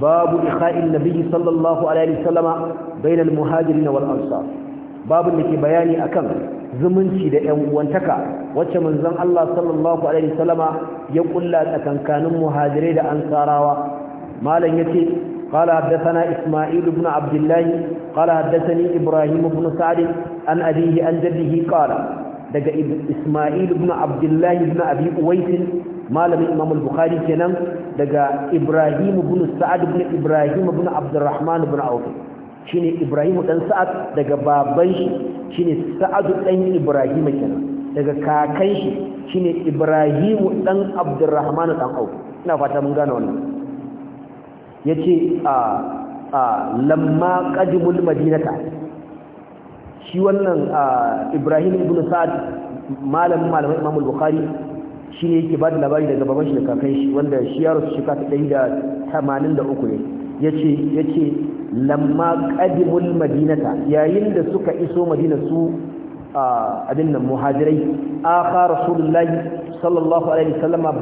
babu ikha'in nabiyyi sallallahu alaihi wasallama bainal muhajirin wal ansar babu da ke bayani akan zumunci da 'yan uwantaka wacce manzon Allah sallallahu alaihi wasallama ya kulla tsakankanin muhajirai da ansarawa malam yace قال حدثنا إسماعيل بن عبد الله قال حدثني إبراهيم بن سعد عن أبيه عن جده قال دقى إسماعيل بن عبد الله بن أبي أويس malamin imam al-bukhari kenan daga ibrahim ibn sa'ad ibn ibrahim ibn abdurrahman ibn auf shine ibrahim dan sa'ad daga baban shi shine sa'ad dan ibrahim kenan daga kakan shi shine ibrahim dan abdurrahman dan auf ina fata mun gane wannan yace a a lamma qadimul madinata shi wannan ibrahim ibn sa'ad malamin malamin imam al-bukhari shi ne yake ba da labari daga baban shi da kakan shi wanda shi yaro su shekara ɗari da tamanin da uku ne ya ce lamma ƙadimul madinata yayin da suka iso madina su abin nan muhajirai aka rasulullahi sallallahu alaihi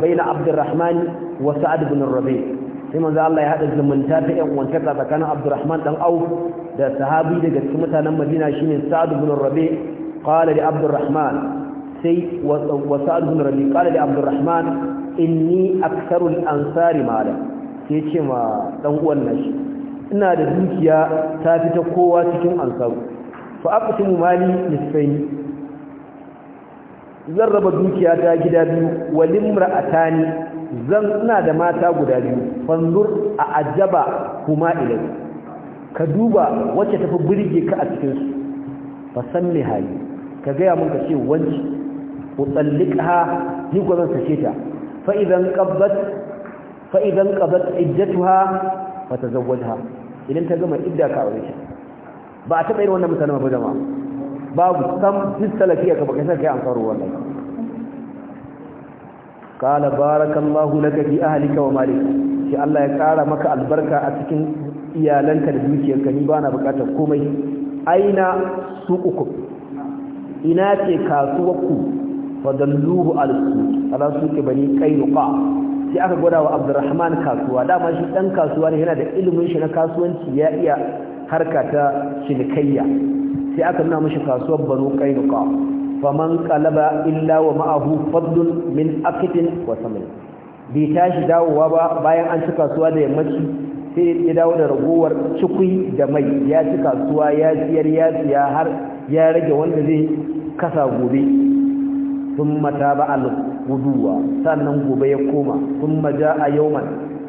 baina abdurrahman wa sa'ad ibn rabi sai manzo Allah ya hada zumunta ta yan uwanta tsakanin abdurrahman dan auf da sahabi daga cikin mutanen madina shine sa'ad ibn rabi qala li abdurrahman sai wasu alhun rabi ƙala da abdurrahman inni aksarul ansari mala sai ce ma ɗan uwan nashi ina da dukiya ta fi ta kowa cikin ansaru fa aqsimu mali nisfaini zan raba dukiya ta gida biyu a walimra'atani zan ina da mata guda biyu fanzur a ajaba kuma ilai ka duba wacce tafi birge ka a cikin su san hali ka gaya mun ka ce wanci utalliqha ni gwazan sake ta fa idan qabbat fa idan qabat iddatuha fa tazawwajha idan ta gama idda ka aure ta ba a taɓa irin wannan mutanen ba jama'a babu sam duk salafiya ka baka sai kai amsaro wallahi qala barakallahu laka fi ahlika wa malik shi Allah ya kara maka albarka a cikin iyalanka da dukiyarka ni bana bukatar komai aina suqukum ina ce kasuwarku fadalluhu al-suq ala suq bani sai aka gwada wa Abdurrahman kasuwa dama shi dan kasuwa ne yana da ilimin shi na kasuwanci ya iya harka ta cinikayya sai aka nuna mishi kasuwar banu qaynuqa faman qalaba illa wa ma'ahu fadlun min aqdin wa samin bai tashi dawowa ba bayan an ci kasuwa da yammaci sai ya dawo da ragowar cikui da mai ya ci kasuwa ya siyar ya siya har ya rage wanda zai kasa gobe mata ba a guduwa sannan gobe ya koma thumma a yauman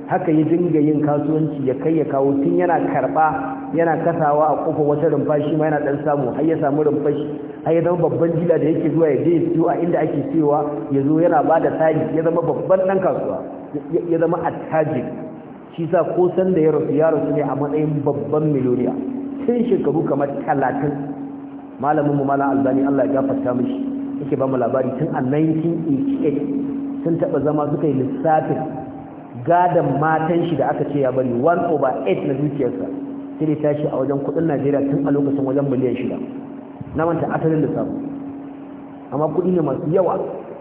haka ya dinga yin kasuwanci ya kai ya kawo tun yana karba yana kasawa a kofa wata rumfashi ma yana dan samu har ya samu rumfashi har ya zama babban jila da yake zuwa ya je siyo a inda ake cewa ya zo yana ba da tsari ya zama babban dan kasuwa ya zama attajiri shi sa ko san da ya rasu ya rasu ne a matsayin babban miloniya sun shekaru kamar talatin malamin mu malam albani Allah ya gafarta mishi yake ba mu labari tun a 1988 sun taɓa zama suka yi lissafin gadon matan shi da aka ce ya bari 1 over 8 na dukiyarsa sai da tashi a wajen kudin najeriya tun a lokacin wajen miliyan shida na manta asalin da samu amma kudi ne masu yawa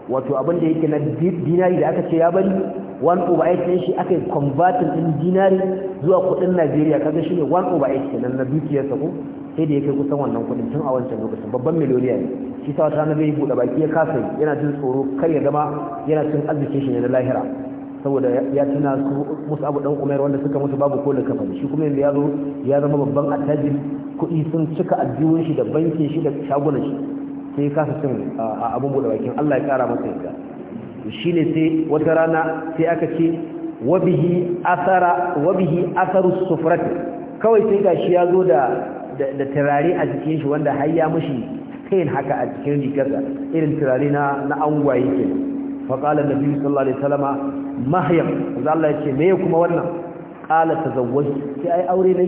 wato abin da yake na dinari da aka ce ya bari 1 over 8 ɗin shi aka yi convertin ɗin dinari zuwa kudin najeriya kaga shi ne 1 over 8 kenan na dukiyarsa ko sai da ya kai kusan wannan kudin tun a wancan lokacin babban miliyoniya ne shi sa wata zai buɗe baki ya kasa yana jin tsoro kar ya zama yana cin arzikin shi ne na lahira saboda ya tuna su musu abu dan umair wanda suka mutu babu ko da kafa shi kuma yanzu ya zo ya zama babban attajir kuɗi sun cika addinin shi da bankin shi da shagunan shi sai kasa cin abun buɗe bakin Allah ya kara masa yadda ne sai wata rana sai aka ce wabihi asara wabihi asaru sufrati kawai sai gashi ya zo da da turare a jikin shi wanda har ya mushi kain haka a cikin rigarsa irin turare na na angwaye ke faƙala da biyu sallallahu alaihi salama mahiyar za Allah ya ce me kuma wannan ƙala ta ki. sai ai aure ne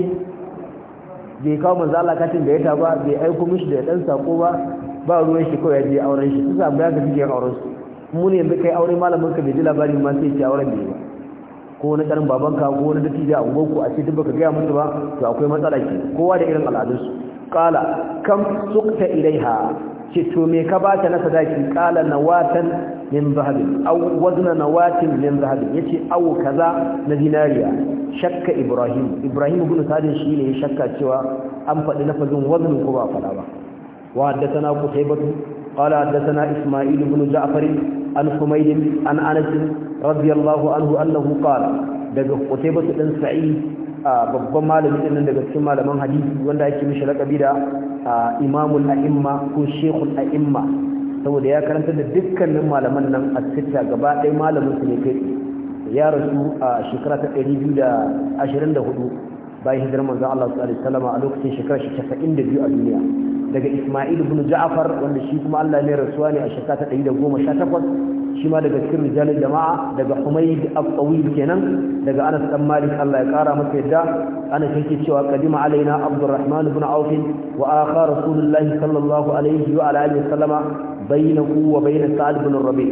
bai kawo manzo Allah katin da ya ta ba bai aiko mishi da dan sako ba ba ruwan shi kawai je auren shi su samu ya ga cikin auren su mun ne yanzu kai aure malamin ka bai ji labarin ma sai ya ce auren bai ko wani ɗan babanka ko wani dattijo da unguwarku a ce duk baka gaya musu ba to akwai matsala ke kowa da irin al'adunsu qala kam suqta ilaiha ce to me ka ba ta na sadaki qala nawatan min zahab aw wazna nawatin min zahab yace aw kaza na zinariya shakka ibrahim ibrahim ibn sadin shi ne shakka cewa an faɗi lafazin wazna ko ba faɗa ba wa haddathana batu. قال حدثنا إسماعيل بن جعفر عن حميد عن أنس رضي الله عنه أنه قال daga babban malami din daga cikin malaman hadisi wanda ake mishi lakabi da Imamul A'imma ko Sheikhul A'imma saboda ya karanta da dukkanin malaman nan a sitta gaba ɗaya malamin su ne kai ya rasu a shekara ta 224 bayan hijirar manzon Allah sallallahu alaihi wasallam a lokacin shekara 92 a duniya daga Ismail ibn Ja'far wanda shi kuma Allah ne rasuwa ne a shekara ta 118 shi ma daga cikin rijalul jama'a daga Humayd al-Tawil kenan daga Anas dan Malik Allah ya kara masa yadda Anas yake cewa qadima alaina Abdurrahman ibn Auf wa akha Rasulullahi sallallahu alaihi wa ala alihi sallama bainahu wa bain Sa'd ibn Rabi'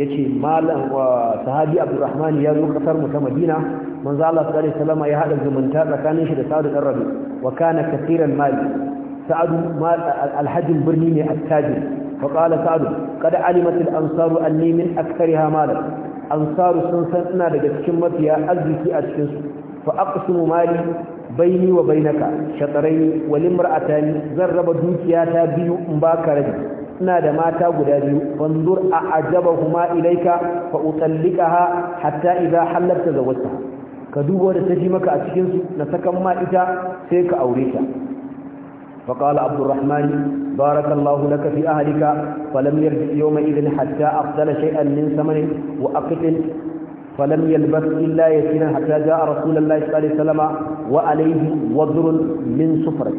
yace malam wa sahabi Abdurrahman ya zo kasar mu ta Madina manzo Allah sallallahu alaihi wasallama ya hada zumunta tsakanin shi da Sa'd ibn Rabi' wa kana kaseeran mali سعد الحجم برني من التاجر فقال سعد قد علمت الأنصار أني من أكثرها مالا أنصار سنسننا لجسكمة يا أزكي أتكس فأقسم مالي بيني وبينك شطرين والامرأتان زرب دوكياتا بيو مباك رجل ina da mata guda biyu wanzur a ajabahuma ilaika fa utallikaha hatta idza hallatta zawajta ka dubo da taji maka a cikin su na sakan ma ita sai ka aure ta فقال عبد الرحمن بارك الله لك في أهلك فلم يرجع يومئذ حتى أقتل شيئا من ثمنه وأقتل فلم يلبث إلا يسيرا حتى جاء رسول الله صلى الله عليه وسلم وعليه وزر من سفرة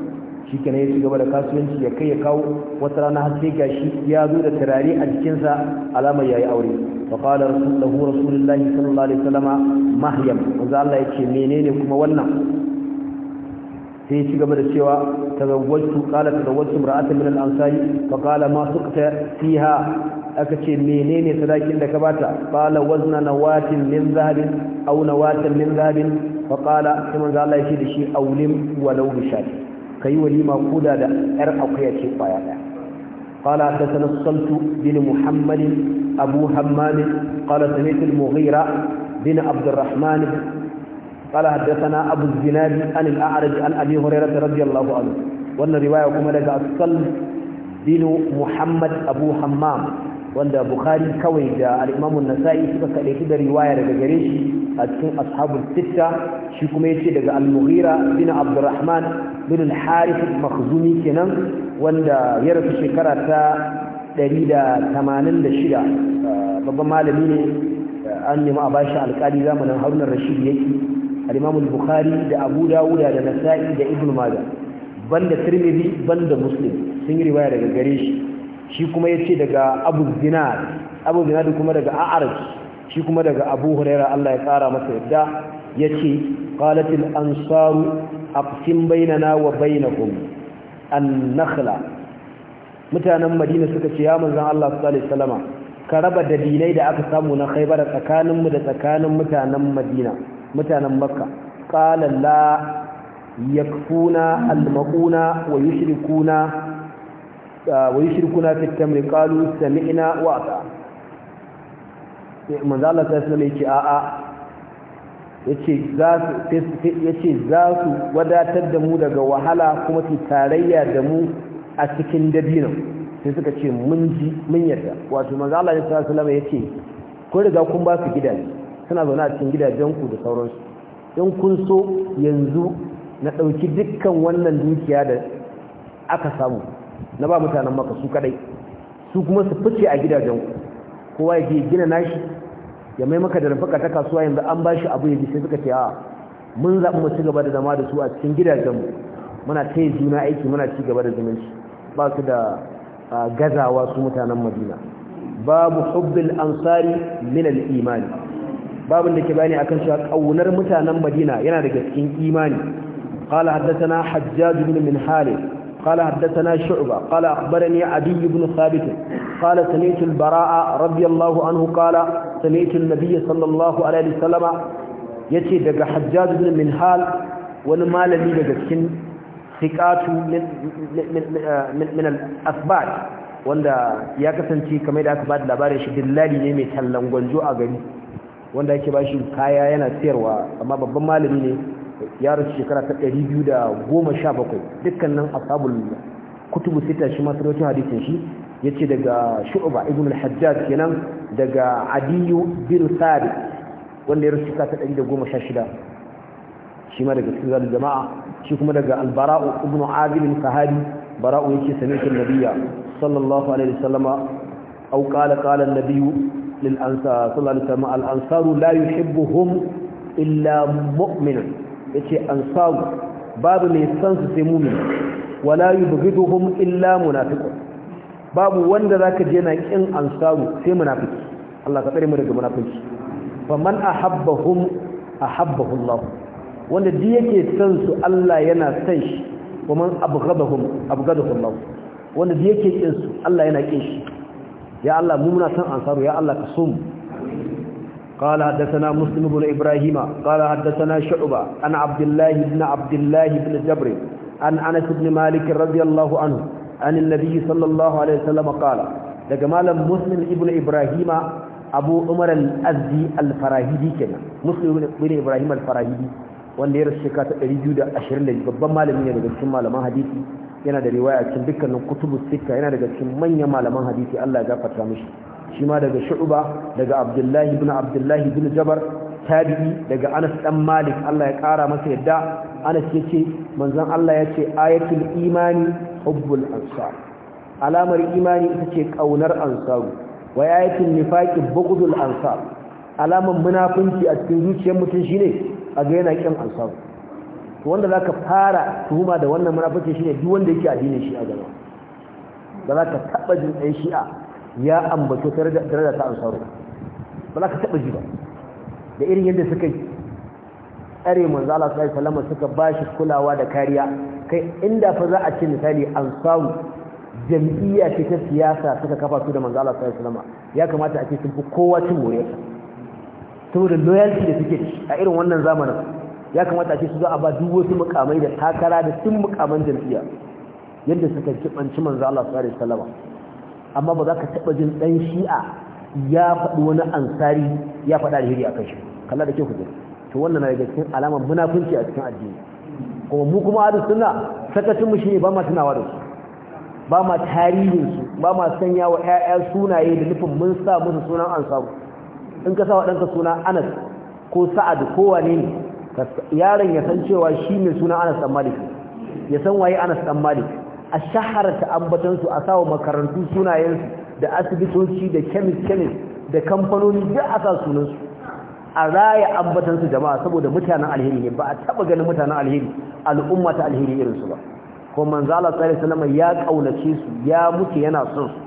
shi ke ya ci gaba da kasuwanci ya kai ya kawo wata rana har sai gashi ya zo da turare a jikinsa alamar yayi aure fa qala rasulullahi sallallahu alaihi wasallam mahyam wanda Allah yake menene kuma wannan sai ci gaba da cewa tazawwajtu qala tazawwajtu imra'atan min al-ansari fa qala ma suqta fiha aka ce menene sadakin da ka bata qala wazna nawatin min zahabin aw nawatan min zahabin fa qala sai manzo Allah da shi aulim walau bi shati kai walima kuda da yar akuya ce kwaya daya قال حدثنا الصلت بن محمد أبو همام قال سمعت المغيرة بن عبد الرحمن قال حدثنا ابو الزناد عن الاعرج عن ابي هريره رضي الله عنه وان روايه كما ذكر اصل دين محمد ابو حمام وان البخاري كوي ذا daga gare shi a cikin shi kuma yace daga al bin abd bin al-harith kenan wanda ya shekara ta 186 babban malami ne an yi ma bashi alƙali zamanin harunar rashidi Alimamul imam bukhari da Abu Dawud da Nasa'i da Ibn Majah banda Tirmidhi banda Muslim sun yi riwaya daga gare shi shi kuma yace daga Abu Zinad Abu Zinad kuma daga A'raj shi kuma daga Abu Huraira Allah ya kara masa yadda yace qalatil ansaru aqsim bainana wa bainakum an mutanen Madina suka ce ya manzon Allah sallallahu alaihi ka raba dalilai da aka samu na Khaibar tsakaninmu da tsakanin mutanen Madina mutanen makka qala la yakfuna almaquna wa yushrikuna uh, wa yushrikuna fi tamri qalu sami'na wa ata manzo Allah sallallahu ce wasallam a a yace za su yace za su wadatar da mu daga wahala kuma su tarayya da mu a cikin dabinan sai suka ce mun ji mun yarda wato manzo Allah sallallahu alaihi wasallam yace riga kun ba su gidaje suna zaune a cikin gidajenku da sauransu in kun so yanzu na ɗauki dukkan wannan dukiya da aka samu na ba mutanen maka su kadai su kuma su fice a gidajenku kowa ya je gina nashi ya mai maka da rafaka ta kasuwa yanzu an ba shi abu ya ji sai suka ce a mun zaɓi mu ci gaba da zama da su a cikin gidajenmu muna taya juna aiki muna ci gaba da zumunci ba su da gazawa su mutanen madina babu hubbil ansari min al-imani babin da ke bayani akan cewa kaunar mutanen Madina yana da cikin imani qala haddathana hajjaj ibn min halid قال حدثنا شعبة قال أخبرني عدي بن ثابت قال سمعت البراء رضي الله عنه قال سمعت النبي صلى الله عليه وسلم يتي دقى حجاج بن منهال ونما لدي دقى ثقات من, من, من, من الأثبات wanda ya kasance kamar da aka ba da labarin shi dillali ne mai tallan gwanjo a gari wanda yake bashi kaya yana siyarwa amma babban malami ne ya rasu shekara ta 217 dukkanin ashabul kutubu sita shi ma sarautar hadisin shi ce daga shu'ba ibn al-hajjaj kenan daga adiyu bin sabit wanda ya rushe shekara ta 116 shi ma daga cikin jama'a shi kuma daga al-bara'u ibn azib sahabi bara'u yake sami nabiyya sallallahu alaihi wasallama au qala qala an-nabiyyu lil ansar sallallahu alaihi wasallam al illa mu'min yace ansaru babu ne san su sai mu'min wala yubghiduhum illa munafiqun babu wanda zaka je na kin ansaru sai munafiki Allah ka tsare mu daga munafiki faman ahabbahum ahabbahu Allah wanda duk yake san Allah yana san kuma abghadahum wanda Allah yana shi ya Allah mu muna san ansaru ya Allah ka so mu قال حدثنا مسلم بن إبراهيم قال حدثنا شعبة عن عبد الله بن عبد الله بن جبر عن أنس بن مالك رضي الله عنه عن النبي صلى الله عليه وسلم قال لجمال مسلم ابن إبراهيم أبو عمر الأزدي الفراهيدي كنا مسلم ابن إبراهيم الفراهيدي wanda ya rasu shekata 220 babban malami ne daga cikin malaman hadisi yana da riwaya cikin dukkanin kutubu sita yana daga cikin manyan malaman hadisi Allah ya gafarta mishi shi ma daga shu'ba daga abdullahi ibn abdullahi ibn jabar tabi'i daga anas dan malik Allah ya kara masa yadda anas yace manzon Allah yace ayatul imani hubbul ansar alamar imani ita ce kaunar ansaru wa ayatul nifaqi bughdul ansar alamar munafinci a cikin zuciyar mutum shine a ga yana kin ansar to wanda zaka fara tuhuma da wannan munafiki shine duk wanda yake addinin shi'a gaba ba za ka taba jin ɗan shi'a ya ambato tare da ta ansaro ba za ka taba ji ba da irin yadda suka yi tsare manzo Allah sallallahu alaihi wasallam suka bashi kulawa da kariya kai inda fa za a ci misali ansaru jam'iyya ce ta siyasa suka kafa su da manzo Allah sallallahu alaihi wasallam ya kamata a ce sun fi kowa cin moriyarsa saboda loyalty da suke a irin wannan zamanin ya kamata ce su za a ba duk wasu mukamai da takara da sun mukaman jam'iyya yadda suka kibanci manzo Allah sallallahu alaihi wasallam amma ba za ka taba jin ɗan shi'a ya faɗi wani ansari ya faɗa alheri akan shi kalla da ke ku to wannan na daga cikin alamar munafunci a cikin addini kuma mu kuma ahlus sunna sakacin mu ne ba ma tunawa da su ba ma tarihin su ba ma sanya wa ƴaƴa sunaye da nufin mun sa musu sunan ansabu in ka sa wa ɗanka suna Anas ko Sa'ad ko wane ne yaron ya san cewa shi ne suna Anas dan Malik ya san waye Anas dan Malik a shaharata ambatan su a sawo makarantu sunayen su da asibitoci da chemist chemist da kamfanoni da a sunan su a raya ambatan su jama'a saboda mutanen alheri ne ba a taba ganin mutanen alheri al'umma ta alheri irin su ba ko manzo Allah sallallahu alaihi wasallam ya kaunace su ya muke yana son su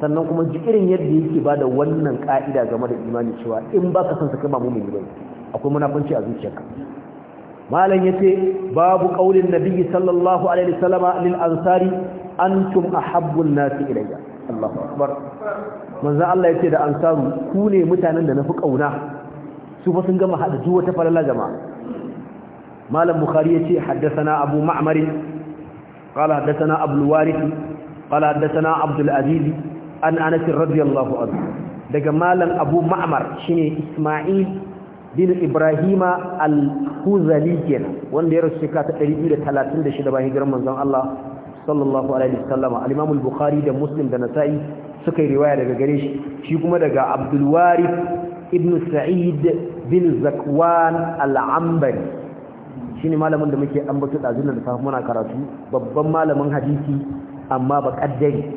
sannan kuma ji irin yadda yake bada wannan ka'ida game da imani cewa in baka son su kai ba mu'mini bane akwai munafunci a zuciyarka malam yace babu qaulin nabiyyi sallallahu alaihi wasallama lil ansari antum ahabbun nasi ilayya Allahu akbar manzo Allah yace da ansaru ku ne mutanen da nafi kauna su ba sun gama hada duwa ta falala jama'a malam bukhari yace haddathana abu ma'mar qala haddathana abu al-warith qala haddathana abdul aziz an anas radiyallahu anhu daga malam abu ma'mar shine isma'il bin ibrahima al-huzali kenan wanda ya rasu shekara ta 236 bayan hijiran manzon Allah sallallahu alaihi wasallam al-imam al-bukhari da muslim da nasa'i suka yi riwaya daga gare shi shi kuma daga abdul warith ibn sa'id bin zakwan al-ambari shine malamin da muke ambato dazunan da muna karatu babban malamin hadisi amma ba kaddari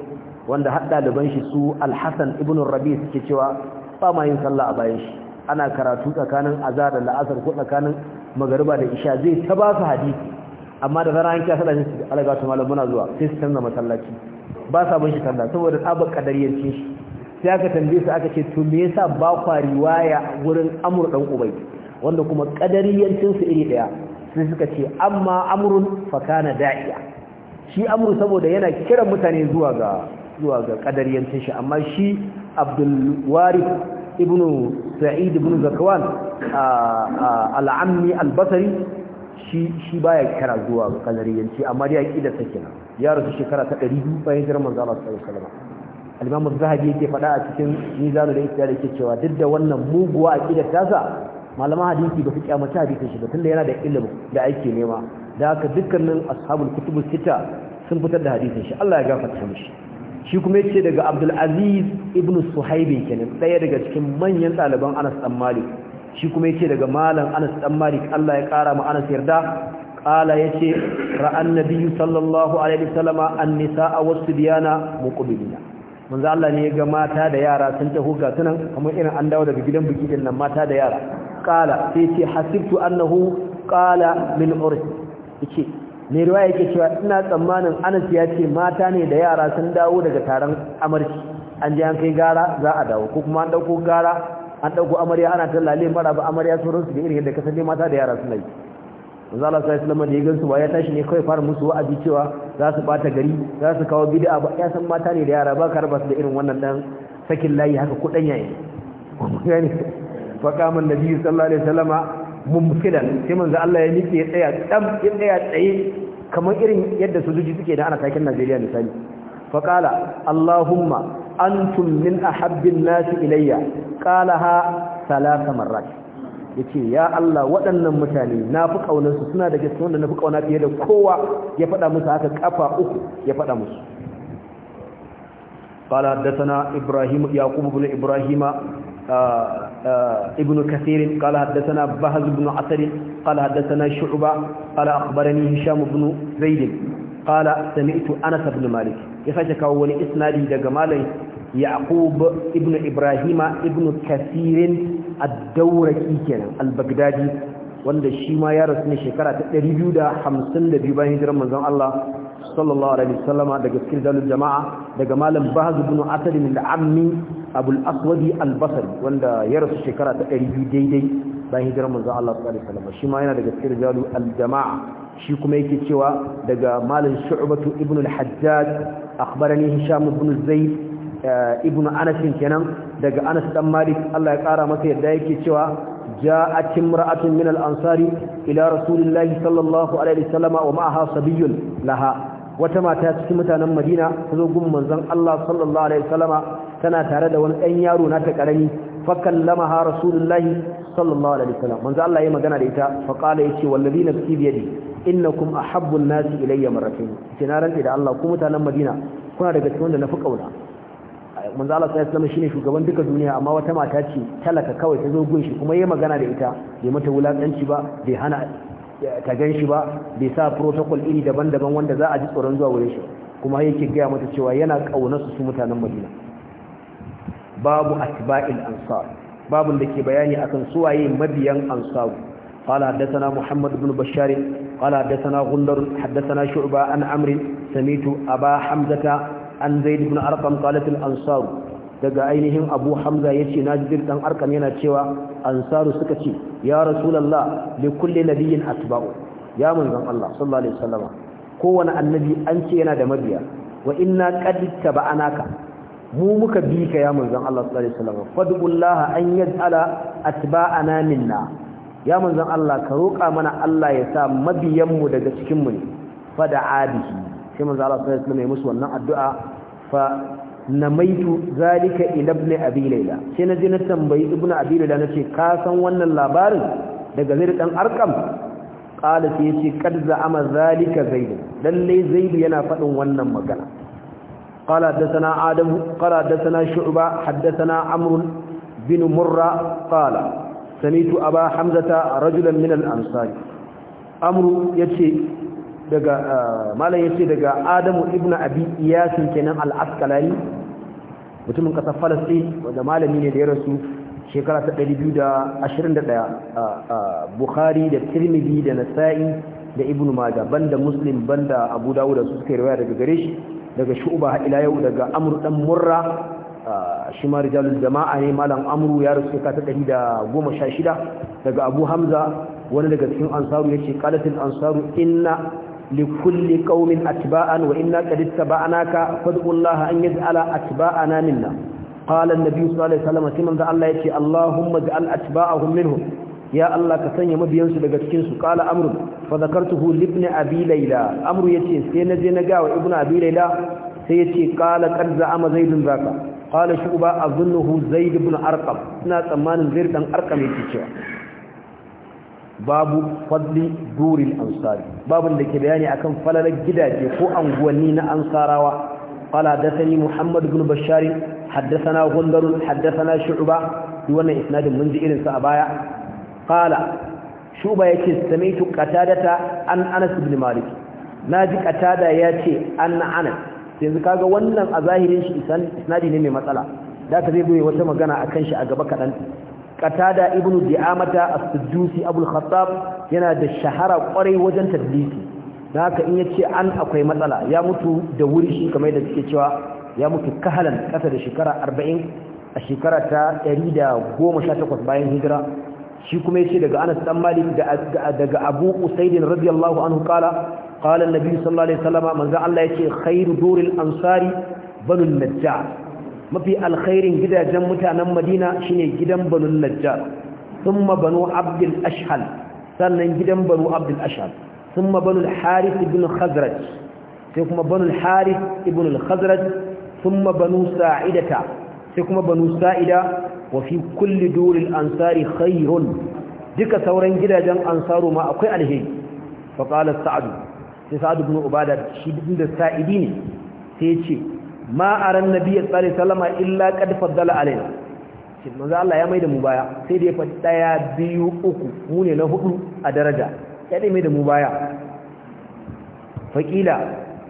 wanda har ɗaliban shi su al-hasan ibn rabi suke cewa ba ma yin sallah a bayan shi ana karatu tsakanin azhar da la'asar ko tsakanin magariba da isha zai ta ba su hadisi amma da zaran an kiyasa da shi alaga to malam muna zuwa sai su canza masallaci ba sa bin shi talla saboda tsabar kadariyancin shi sai aka tambaye su aka ce to me yasa ba kwa riwaya wurin amur ɗan ubai wanda kuma kadariyancin su iri ɗaya sai suka ce amma amrun fakana da'iya shi Amur saboda yana kiran mutane zuwa ga zuwa ga shi amma shi Abdulwari. Ibnu sa'id ibn zakwan al'ammi Albasari, shi shi baya kira zuwa ga kanariyanci amma dai aqida ta kenan ya rasu shekara ta 200 bayan hijirar manzo Allah sallallahu alaihi wasallam imam az-zahabi yake faɗa a cikin mizanu da ikhtiyar yake cewa duk da wannan muguwa a kidar tasa malaman hadisi ba su kyamata hadisin shi ba tunda yana da ilimi da ake nema da haka dukkanin ashabul kutubus sita sun fitar da hadisin shi Allah ya gafarta mishi shi kuma yace daga Abdul Aziz ibn Suhaibi kenan daya daga cikin manyan ɗaliban Anas dan Malik shi kuma yace daga malam Anas dan Malik Allah ya kara mu Anas yarda qala yace ra'an nabiyyu sallallahu alaihi wasallama an-nisaa was-sibyana muqbilina manzo Allah ne ga mata da yara sun taho ga sunan kamar irin an dawo daga gidan biki din nan mata da yara qala sai yace hasibtu annahu qala min urf yace ne ruwa yake cewa ina tsammanin anas ya ce mata ne da yara sun dawo daga taron amarci an je an kai gara za a dawo ko kuma an dauko gara an dauko amarya ana tallale mara ba amarya sun rusu da irin yadda kasance mata da yara sun yi manzo Allah sai sallama da ya gansu ba ya tashi ne kai fara musu wa'azi cewa za su bata gari za su kawo bid'a ba ya san mata ne da yara ba ka raba su da irin wannan dan sakin layi haka kudan yayi fa kama annabi sallallahu alaihi wasallama mumkilan sai manzo Allah ya nike ya tsaya dam ya tsaya tsaye kamar irin yadda sojoji suke da ana takin Najeriya misali fa qala Allahumma antum min ahabbin nas ilayya qalaha salasa marrat yace ya Allah waɗannan mutane nafi kaunar su suna daga cikin wanda nafi kauna fiye da kowa ya faɗa musu haka kafa uku ya faɗa musu قال حدثنا إبراهيم يعقوب بن إبراهيم ابن كثير قال حدثنا بهز بن عسر قال حدثنا شعبة قال أخبرني هشام بن زيد قال سمعت أنس بن مالك يساك كوني إسنادي دقمالي يعقوب ابن إبراهيم ابن كثير الدوركي كان البغدادي wanda shi ma ya rasu ne shekara ta 252 bayan hijirar manzon Allah sallallahu alaihi wasallama daga cikin jama'a daga malam bahaz ibn asad min ammi abul aswadi al-basri wanda ya rasu shekara ta 200 daidai bayan hijirar manzo Allah sallallahu alaihi wasallama shi ma yana daga cikin al-jama'a shi kuma yake cewa daga malam shu'batu ibn al-hajjaj akhbarani hisham ibn zayd eh, ibn anas kenan daga anas dan malik Allah ya kara masa yadda yake cewa جاءت امرأة من الأنصار إلى رسول الله صلى الله عليه وسلم ومعها صبي لها wata mata cikin mutanen madina ta zo gun manzon Allah sallallahu alaihi wasallama tana tare da wani ɗan yaro nata karami fakallamaha rasulullahi sallallahu alaihi wasallam manzo Allah ya magana da ita fa qala yace wallazi nafsi bi yadi innakum ahabbu an-nasi ilayya marratayn kina rantsi da Allah ku mutanen madina kuna daga cikin wanda nafi kauna manzo Allah sallallahu alaihi shine shugaban duka duniya amma wata mata ce talaka kawai ta zo gun shi kuma yayi magana da ita bai mata wulakanci ba bai hana ta gan shi ba bai sa protocol iri daban-daban wanda za a ji tsoron zuwa wurin shi kuma yake gaya mata cewa yana ƙaunar su mutanen madina babu atba'il ansar babun da ke bayani akan suwaye mabiyan ansar قال muhammad محمد بن بشار قال حدثنا غندر حدثنا شعبة عن عمرو سميت أبا حمزة عن زيد بن أرقم قالت الأنصار daga ainihin abu hamza ya ce na jirgin ɗan yana cewa ansaru suka ce ya rasulullah li kulli nabiyyin atba'u ya manzon Allah sallallahu alaihi wasallam kowane annabi an ce yana da mabiya wa inna qad taba'anaka mu muka bi ka ya manzon Allah sallallahu alaihi wasallam fadullah an yaj'ala atba'ana minna ya manzon Allah ka roƙa mana Allah ya sa mabiyan mu daga cikin mu ne fada'a bihi sai manzon Allah sallallahu alaihi wasallam ya musu wannan addu'a fa namaitu zalika ila ibn abi layla sai na je na tambayi ibn abi da nace ka san wannan labarin daga zai dan arkam qala ce yace kad za'ama zalika zaid lallai zaidu yana faɗin wannan magana Adamu, hadathana adam qala hadathana shu'ba hadathana amr bin murra ƙala. sami'tu aba hamzata rajulan min al-ansari amru yace daga ah, malam yace daga Adamu ibn Abi Iyas kenan al-Asqalani mutumin kasar Palestine wanda malami ne da ya rasu shekara ta 221 Bukhari da Tirmidhi da Nasa'i da Ibn Majah banda Muslim banda Abu Dawud su suka riwaya daga gare shi daga Shu'ba ila yau daga Amr dan Murra shi ma rijalul jama'a ne malam Amru ya rasu shekara ta 116 daga Abu Hamza wani daga cikin ansaru yace qalatil ansaru inna likulli qaumin atba'an wa inna qad ittaba'naka fad'ullaha an yaj'ala atba'ana minna qala an-nabi sallallahu alaihi wasallam sai da Allah yace Allahumma ij'al atba'ahum minhum ya Allah ka sanya mabiyansu daga cikin su qala amru fa zakartuhu li ibn abi layla amru sai na je na ga wa ibn abi layla sai yace qala qad za'ama zaidun zaka qala shu'ba azunnuhu zaid ibn arqam ina tsammanin zaid dan arqam yake cewa babu fadli burin ansari babu da ke bayani akan falalar gidaje ko anguwanni na ansarawa qala dathani muhammad ibn bashar haddathana gundar haddathana shu'ba shi wannan isnadin mun ji irin a baya qala shu'ba yake samaitu qatadata an anas ibn malik naji qatada yace an anas yanzu kaga wannan a zahirin shi isnadi ne mai matsala da ta zai wata magana akan shi a gaba kaɗan. qatada ibnu di as-suddusi abul khattab yana da shahara kwarai wajen tadlisi da haka in ce an akwai matsala ya mutu da wuri shi kamar da suke cewa ya mutu kahalan kasa da shekara 40 a shekara ta 118 bayan hijira shi kuma yace daga Anas dan Malik daga Abu Usaid radiyallahu anhu kala qala an-nabi sallallahu alaihi wasallam manzo Allah yace khairu duril ansari banu najjar mafi alkhairin gidajen mutanen madina shine gidan banu najjar thumma banu abdul ashhal sannan gidan banu abdul ashhal thumma banu al-harith ibn khazraj sai kuma banu al-harith ibn al-khazraj thumma banu sa'idata sai kuma banu sa'ida wa fi kulli duril ansari khairun duka sauran gidajen ansaru ma akwai alheri fa qala sa'd sai sa'd ibn ubada shi din da sa'idi ne sai ya ce ma aran nabiyyi sallallahu alaihi wasallam illa qad faddala alaina shi manzo Allah ya maida mu baya sai da ya faɗi daya biyu uku mu ne na hudu a daraja ya dai maida mu baya Fakila,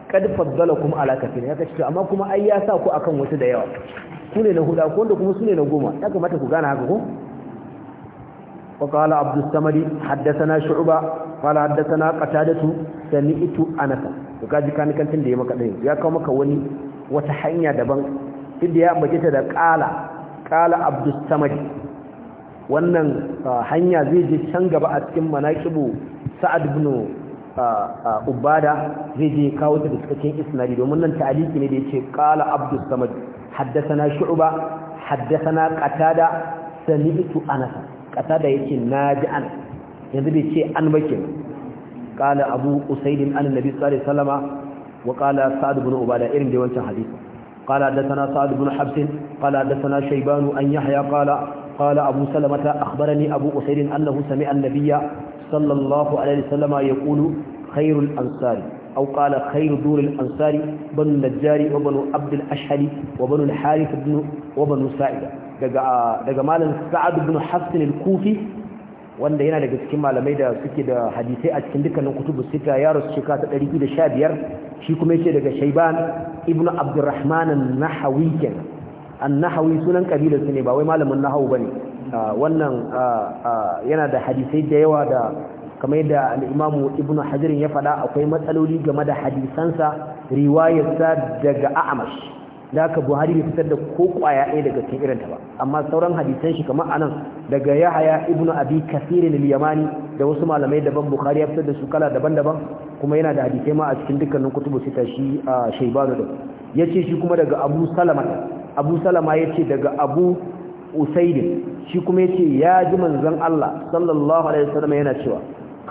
qad faddalakum ala kathir ya kace amma kuma ai ya sa ku akan wasu da yawa ku ne na hudu ko wanda kuma su ne na goma ya kamata ku gane haka ko وقال عبد الصمد حدثنا شعبة قال حدثنا قتادة سمعت أنس وكاجي كان كان تندي maka دين ya kawo maka wani wata hanya daban inda ya ambace ta da qala qala abdus samad wannan hanya zai je can gaba a cikin manaqibu sa'ad ibn ubada zai je kawo ta cikakken isnadi domin nan ta'aliki ne da yake qala abdus samad haddathana shu'ba haddathana qatada anasa. Ƙatada qatada yace naji an yanzu bai ce an bakin qala abu usaidin an annabi sallallahu alaihi wasallama وقال سعد بن عبادة إرم دي وانت حديث قال حدثنا سعد بن حبس قال حدثنا شيبان أن يحيى قال قال أبو سلمة أخبرني أبو أسير أنه سمع النبي صلى الله عليه وسلم يقول خير الأنصار أو قال خير دور الأنصار بن النجار وبن عبد الأشهل وبن الحارث بن وبن سعيد دقى مالا سعد بن حفص الكوفي wanda yana daga cikin malamai da suke da hadisai a cikin dukkanin kutubu sita ya rasu da sha biyar shi kuma ce daga shaiban ibnu Abdurrahman nahawi kenan an-Nahawi sunan kabilar su ne ba wai malamin nahawu ne wannan yana da hadisai da yawa da kamar yadda alimamu ibnu Ibn ya faɗa akwai matsaloli game da hadisansa riwayarsa daga a'amash. da haka buhari bai fitar da ko kwaya ɗaya daga cikin irin ta ba amma sauran hadisan shi kamar anan daga yahaya ibnu abi kasir al-yamani da wasu malamai daban bukhari ya fitar da su kala daban-daban kuma yana da hadisai ma a cikin dukkanin kutubu sita shi a shaibanu da yace shi kuma daga abu salama abu salama yace daga abu usaid shi kuma yace ya ji manzon Allah sallallahu alaihi wasallam yana cewa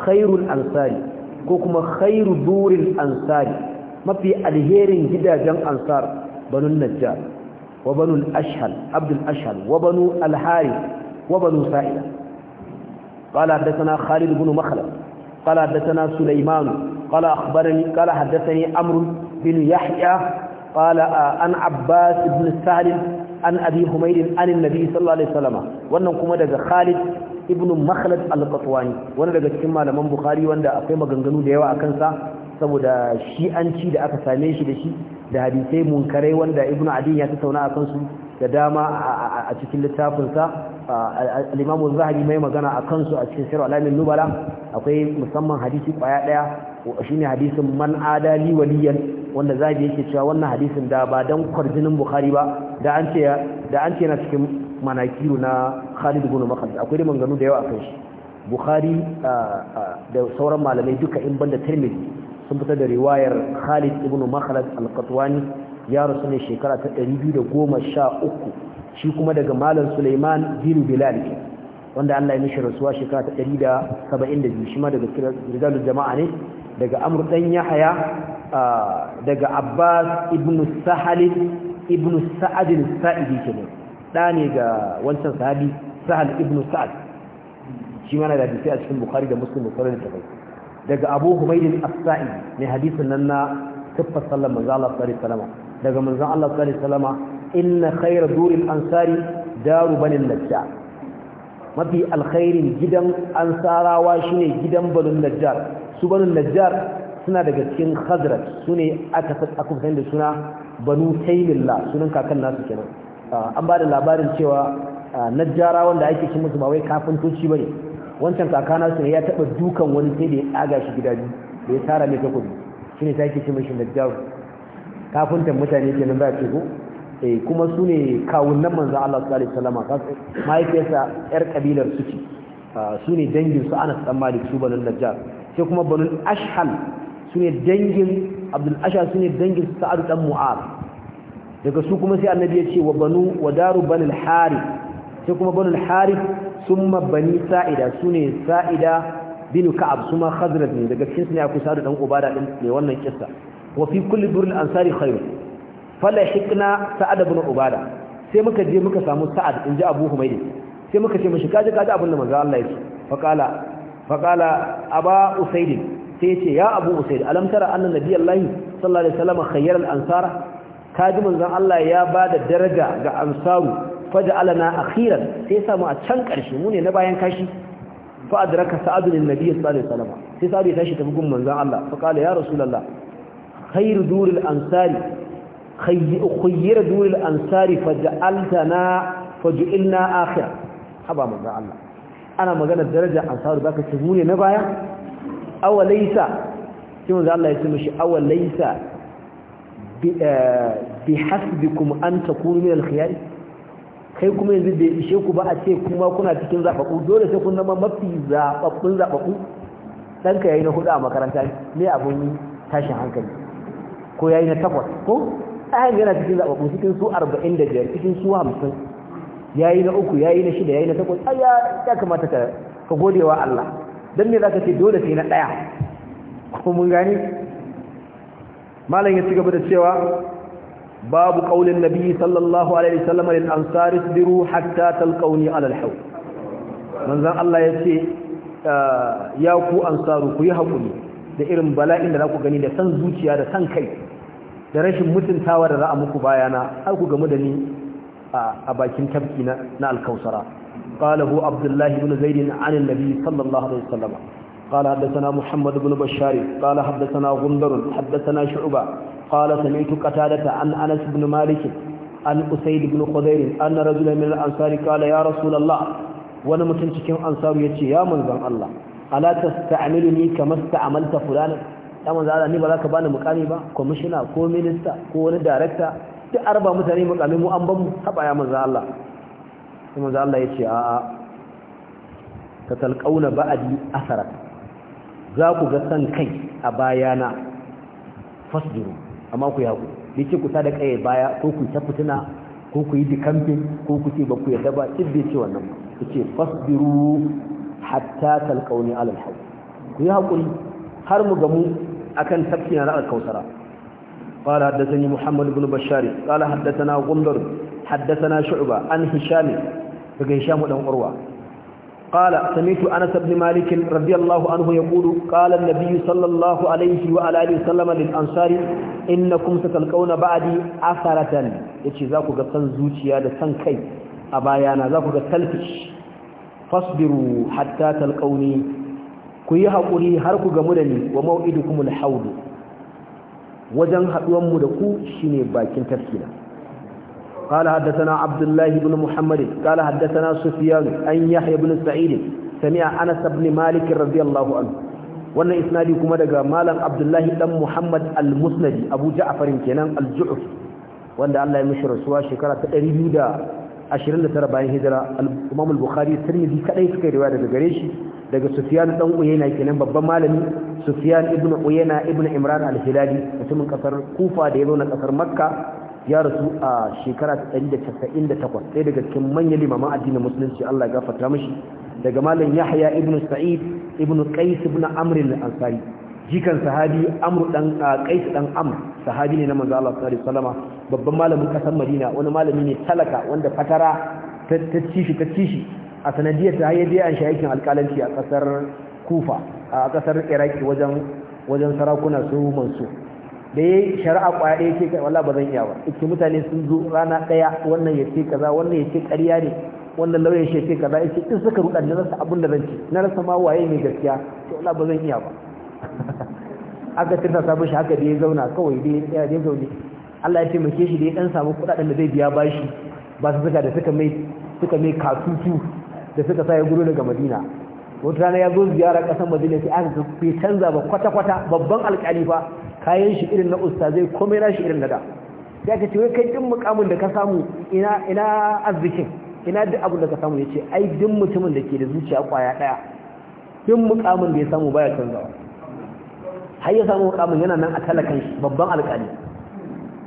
khairul ansari ko kuma khairu durul ansari mafi alherin gidajen ansar بنو النجار وبنو الأشهل عبد الأشهل وبنو الحارث وبنو سائلة قال حدثنا خالد بن مخلد قال حدثنا سليمان قال أخبرني قال حدثني أمر بن يحيى قال عن عباس بن سالم عن أبي حميد عن النبي صلى الله عليه وسلم wannan kuma daga Khalid ibn Makhlad al-Qatwani wanda daga cikin malaman Bukhari wanda akwai maganganu da yawa akan sa saboda shi'anci da aka same shi da shi da hadisai munkarai wanda ibnu adin ya tattauna a kansu da dama a cikin littafinsa al-imamu zahabi mai magana a kansu a cikin sirr alamin nubala akwai musamman hadisi kwaya daya shine hadisin man adali waliyan wanda zahabi yake cewa wannan hadisin da ba dan kwarjinin bukhari ba da an ce da an ce na cikin manakiru na Khalid ibn Makhlid akwai da manganu da yawa akan shi bukhari da sauran malamai duka in banda tirmidhi sun fitar da riwayar Khalid ibn Makhlad al-Qatwani ya rusu ne shekara ta 213 shi kuma daga Malam Sulaiman bin Bilal wanda Allah ya mishi rasuwa shekara ta 172 shi ma daga rijalul jama'a ne daga Amr dan Yahya daga Abbas ibn Sahal ibn Sa'ad al-Sa'idi nan da ne ga wancan sahabi Sahal ibn Sa'ad shi ma na da hadisi a cikin Bukhari da Muslim da sauran tafsir daga abu humaydin as-sa'i hadisin nan na siffar sallar manzo Allah sallallahu Salama. daga manzo Allah sallallahu Salama, inna khayra durin ansari daru bani najja mafi alkhairin gidan ansarawa shine gidan banin najjar su banin najjar suna daga cikin khazraj sune aka aka da suna banu taimilla, sunan kakan nasu kenan ah, an ba da labarin cewa ah, najjara wanda ake cin musu ba wai kafintoci ne. wancan kakana su ne ya taba dukan wani sai da ya tsaga shi gida biyu da ya tara mai takobi ne ta ke shi da najjar kafuntan mutane nan ba ce ko eh, kuma su ne kawunan manzan Allah sallallahu alaihi wasallam mahaifiyarsa yar kabilar su ce ah, su ne dangin su ana dan Malik su banin najjar sai kuma banun ashhal su ne dangin Abdul Ashal su ne dangin Sa'ad dan mu'ar daga su kuma sai annabi ya ce wa banu wa daru banil harith sai kuma banu al-harith summa bani sa'ida sune sa'ida bin ka'ab suma khazraj ne daga cikin su ne akwai sa'id dan ubada din ne wannan kissa wa fi kulli durr al-ansari khayr falahiqna sa'ad ibn ubada sai muka je muka samu sa'ad inji abu humaydi sai muka ce mishi kaje kaje abin da manzo Allah yake faqala faqala aba usayd sai yace ya abu usayd alam tara anna nabiyallahi sallallahu alaihi wasallam khayyara al-ansara kaji manzon Allah ya bada daraja ga ansaru faj'alana akhiran sai samu a can ƙarshe mu ne na bayan kashi fa adraka sa'ad lin nabiy sallallahu alaihi wasallam sai sa'ad ya tashi tafi gun manzon Allah fa qala ya rasulullah khayr duril ansari khayr duril ansari faj'altana faj'alna akhira haba manzon Allah ana magana daraja ansar baka ce mu ne na baya awalaysa sai manzon Allah ya ce mishi awalaysa eh, bi hasbikum an takunu min al-khiyari kai kuma yanzu bai ishe ku ba a ce kuma kuna cikin zaɓaɓu dole sai kun zama mafi zaɓaɓɓun zaɓaɓɓu ɗanka ya yi na hudu a makaranta ne abin tashin hankali ko ya yi na takwas ko ɗayan yana cikin zaɓaɓɓu cikin su arba'in da biyar cikin su hamsin ya yi na uku ya yi na shida ya yi na takwas ai ya kamata ka ka gode wa Allah don me za ka ce dole sai na ɗaya ko mun gani malam ya ci gaba da cewa babu ƙaunin nabi sallallahu alaihi wasallam lil ansari isbiru hatta talqauni ala al hawl manzon Allah yace ya ku ansaru ku yi haƙuri, da irin bala'in da zaku gani da kan zuciya da kan kai da rashin mutuntawa da za a muku bayana har ku gamu da ni a bakin tabki na alkausara qalahu abdullahi ibn zaid an annabi sallallahu alaihi wasallam قال حدثنا محمد بن بشار قال حدثنا غندر حدثنا شعبة قال سمعت قتادة عن أنس بن مالك عن أسيد بن خضير أن رجلا من الأنصار قال يا رسول الله وانا متنشكين أنصار يتشي يا منزل الله ألا تستعملني كما استعملت فلانا يا منزل الله ني بلاك بانا مقامي با كومشنا كو مينستا كو وني دايركتا duk arba mutane mukamin mu an ban mu haba ya manzo Allah sai manzo Allah yace a a ka talqauna ba'di asarat za ku ga san kai a bayana fasdiru amma ku yaku yace ku da kai baya ko ku ta fitina ko ku yi dikamfin ko ku ce ba ku yarda ba duk ce wannan ba fasbiru hatta talqauni ala alhaw ku yi hakuri har mu gamu akan tafki na alkausara قال حدثني محمد بن بشار قال حدثنا غندر حدثنا شعبة عن هشام فقال هشام بن عروة قال سمعت أنس بن مالك رضي الله عنه يقول قال النبي صلى الله عليه وعلى آله وسلم للأنصار إنكم ستلقون بعدي أثرة يتشي ذاكو قصن زوتيا لسن كي أبايانا ذاكو قتلفش فاصبروا حتى تلقوني كي هقولي هركو قمدني وموئدكم الحوض وجن هدوان مدكو شيني باكين تفكينا قال حدثنا عبد الله بن محمد قال حدثنا سفيان أن يحيى بن سعيد سمع أنس بن مالك رضي الله عنه wannan isnadi kuma daga malam abdullahi dan muhammad al-musnadi abu ja'farin kenan al-ju'f wanda Allah ya mishi rasuwa shekara ta 229 bayan hijira al-imam al-bukhari tirmidhi kadai suka rawa daga gare shi daga sufyan dan uyayna kenan babban malamin sufyan ibn uyayna ibn imran al-hilali mutumin kasar kufa da ya zo na kasar makka ya rasu a shekara ta 198 ɗaya daga cikin manyan limaman addinin musulunci Allah ya gafarta mishi daga malam Yahya ibn Sa'id ibn Qais ibn Amr al-Ansari jikan sahabi Amr dan Qais dan Amr sahabi ne na manzo Allah sallallahu alaihi wasallam babban malamin kasar Madina wani malami ne talaka wanda fatara ta cishi ta cishi a sanadiyar da yayi an alƙalanci a kasar Kufa a kasar Iraki wajen wajen sarakuna su Mansur da yi shari'a kwaya ɗaya ce wala ba zan iya ba ita mutane sun zo rana ɗaya wannan ya ce kaza wannan ya ce ƙarya ne wannan lauyan shi ya ce kaza ya ce in suka ruɗa na rasa abin da zan ce na rasa ma waye mai gaskiya to wala ba zan iya ba [laughs] aka tirsa sabon shi haka da ya zauna kawai da ya tsaya ya zaune Allah ya taimake shi da ya ɗan samu kuɗaɗen da zai biya bashi ba su suka da suka mai suka mai katutu da suka sa ya gudu daga Madina wata rana ya zo ziyara ƙasar Madina sai aka bai canza ba kwata-kwata babban alƙalifa. kayan shi irin na ustazai komai na shi irin na da ya ka ce kai ɗin mukamin da ka samu ina arzikin ina duk abin da ka samu yace ai ɗin mutumin da ke da zuciya kwaya ɗaya. Ɗin mukamin da ya samu baya canzawa har ya samu mukamin yana nan a talakan shi babban alƙali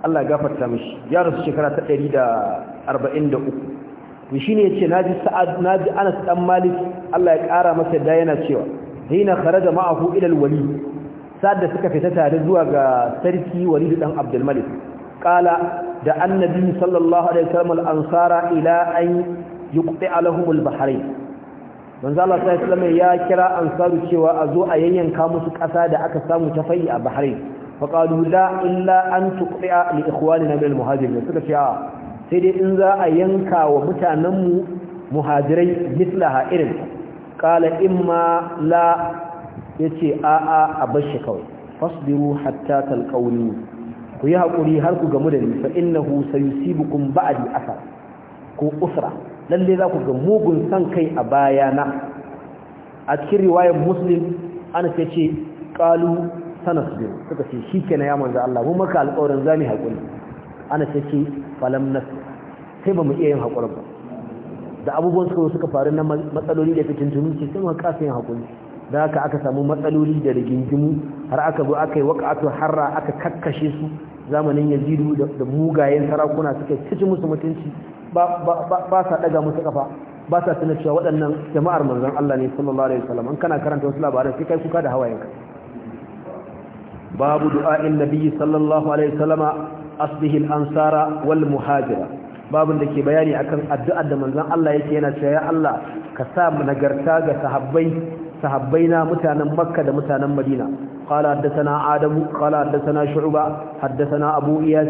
Allah ya gafarta mishi ya rasu shekara ta 143 to shine yace naji sa'ad ji Anas dan Malik Allah ya kara masa da yana cewa hina kharaja ma'ahu ila al-wali sa'ad suka fita tare zuwa ga sarki Walid dan Abdul Malik qala da annabi sallallahu alaihi wasallam al-ansara ila an yuqti lahum al-bahrain manzo Allah sallallahu alaihi wasallam ya kira ansaru cewa a zo a yayyanka musu ƙasa da aka samu ta fayi a bahrain faqalu la illa an tuqti li ikhwanina min al-muhajirin suka ce sai dai in za a yanka wa mutanenmu muhajirai mislaha irin qala imma la yace a a a bashi kawai fasbiru hatta talqawni ku yi hakuri har ku gamu da ni fa innahu sayusibukum ba'di asar ko usra lalle za ku ga mugun san kai a bayana a cikin riwayar muslim an sai ce qalu sanasbir suka ce shikenan ya manzo Allah mun maka alƙawarin zamu hakuri ana sai ce falam nas sai ba mu iya yin hakuri ba da abubuwan suka faru na matsaloli da fitin tunci sai mu kasa yin hakuri da haka aka samu matsaloli da rigingimu har aka zo aka yi waƙatu harra aka kakkashe su zamanin yazidu da mugayen sarakuna suka cici musu mutunci ba sa daga musu kafa ba sa tuna cewa waɗannan jama'ar manzon Allah ne sallallahu alaihi wasallam an kana karanta wasu labarai sai kai kuka da hawayenka babu du'a'in nabiyyi sallallahu alaihi wasallama asbihil ansara wal muhajira babu da ke bayani akan addu'ar da manzon Allah yake yana cewa ya Allah ka sa nagarta ga sahabbai sahabbaina mutanen makka da mutanen madina قال حدثنا آدم قال حدثنا شعبة حدثنا أبو إياس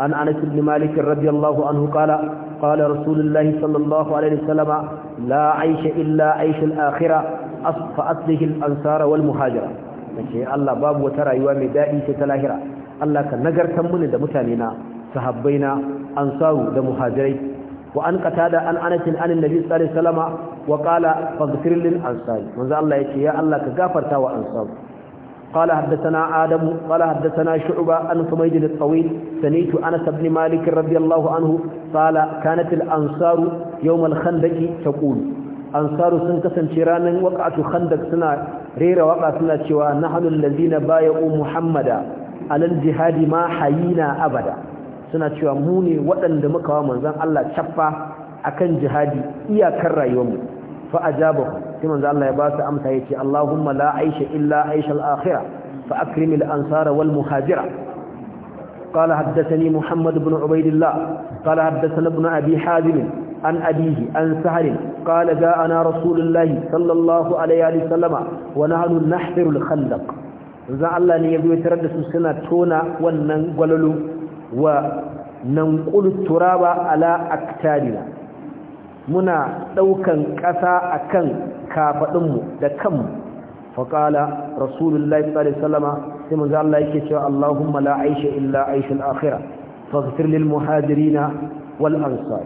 عن أنس بن مالك رضي الله عنه قال قال رسول الله صلى الله عليه وسلم لا عيش إلا عيش الآخرة فأصله الأنصار والمهاجرة نشي الله باب وترى يوامي دائي ستلاهرة الله كنقر تمني دا متانينا صحبينا أنصار دا مهاجرين وأن قتادة عن أنس عن النبي صلى الله عليه وسلم wa qala faghfir lil ansar manzo Allah ya Allah ka gafarta wa ansaru qala hadathana adam qala hadathana shu'ba an sumayd al tawil sanitu anas ibn malik radiyallahu anhu qala kanat al ansar yawm al khandaq taqul ansar sun kasance ranan waqatu khandaq suna rera waƙa suna cewa nahnu allazina bay'u muhammada ala al jihad ma hayina abada suna cewa mu ne waɗanda muka wa manzon Allah a kan jihadi iyakar mu. fa ajabahu sai manzo Allah ya ba su amsa ce Allahumma la aisha illa aisha akhira fa akrim al wal muhajira قال حدثني محمد بن عبيد الله قال حدثنا ابن أبي حازم عن أبيه عن سهل قال جاءنا رسول الله صلى الله عليه وسلم ونحن نحفر الخندق ذا الله ne ya tarar da su suna tona wannan gwalalo wa nanqulu turaba ala aktarina muna ɗaukan ƙasa a kan kafaɗinmu da kanmu faƙala rasulullahi salama sai manzo Allah yake cewa Allahumma la aisha illa aishal akhira faghfir lil muhajirina wal ansar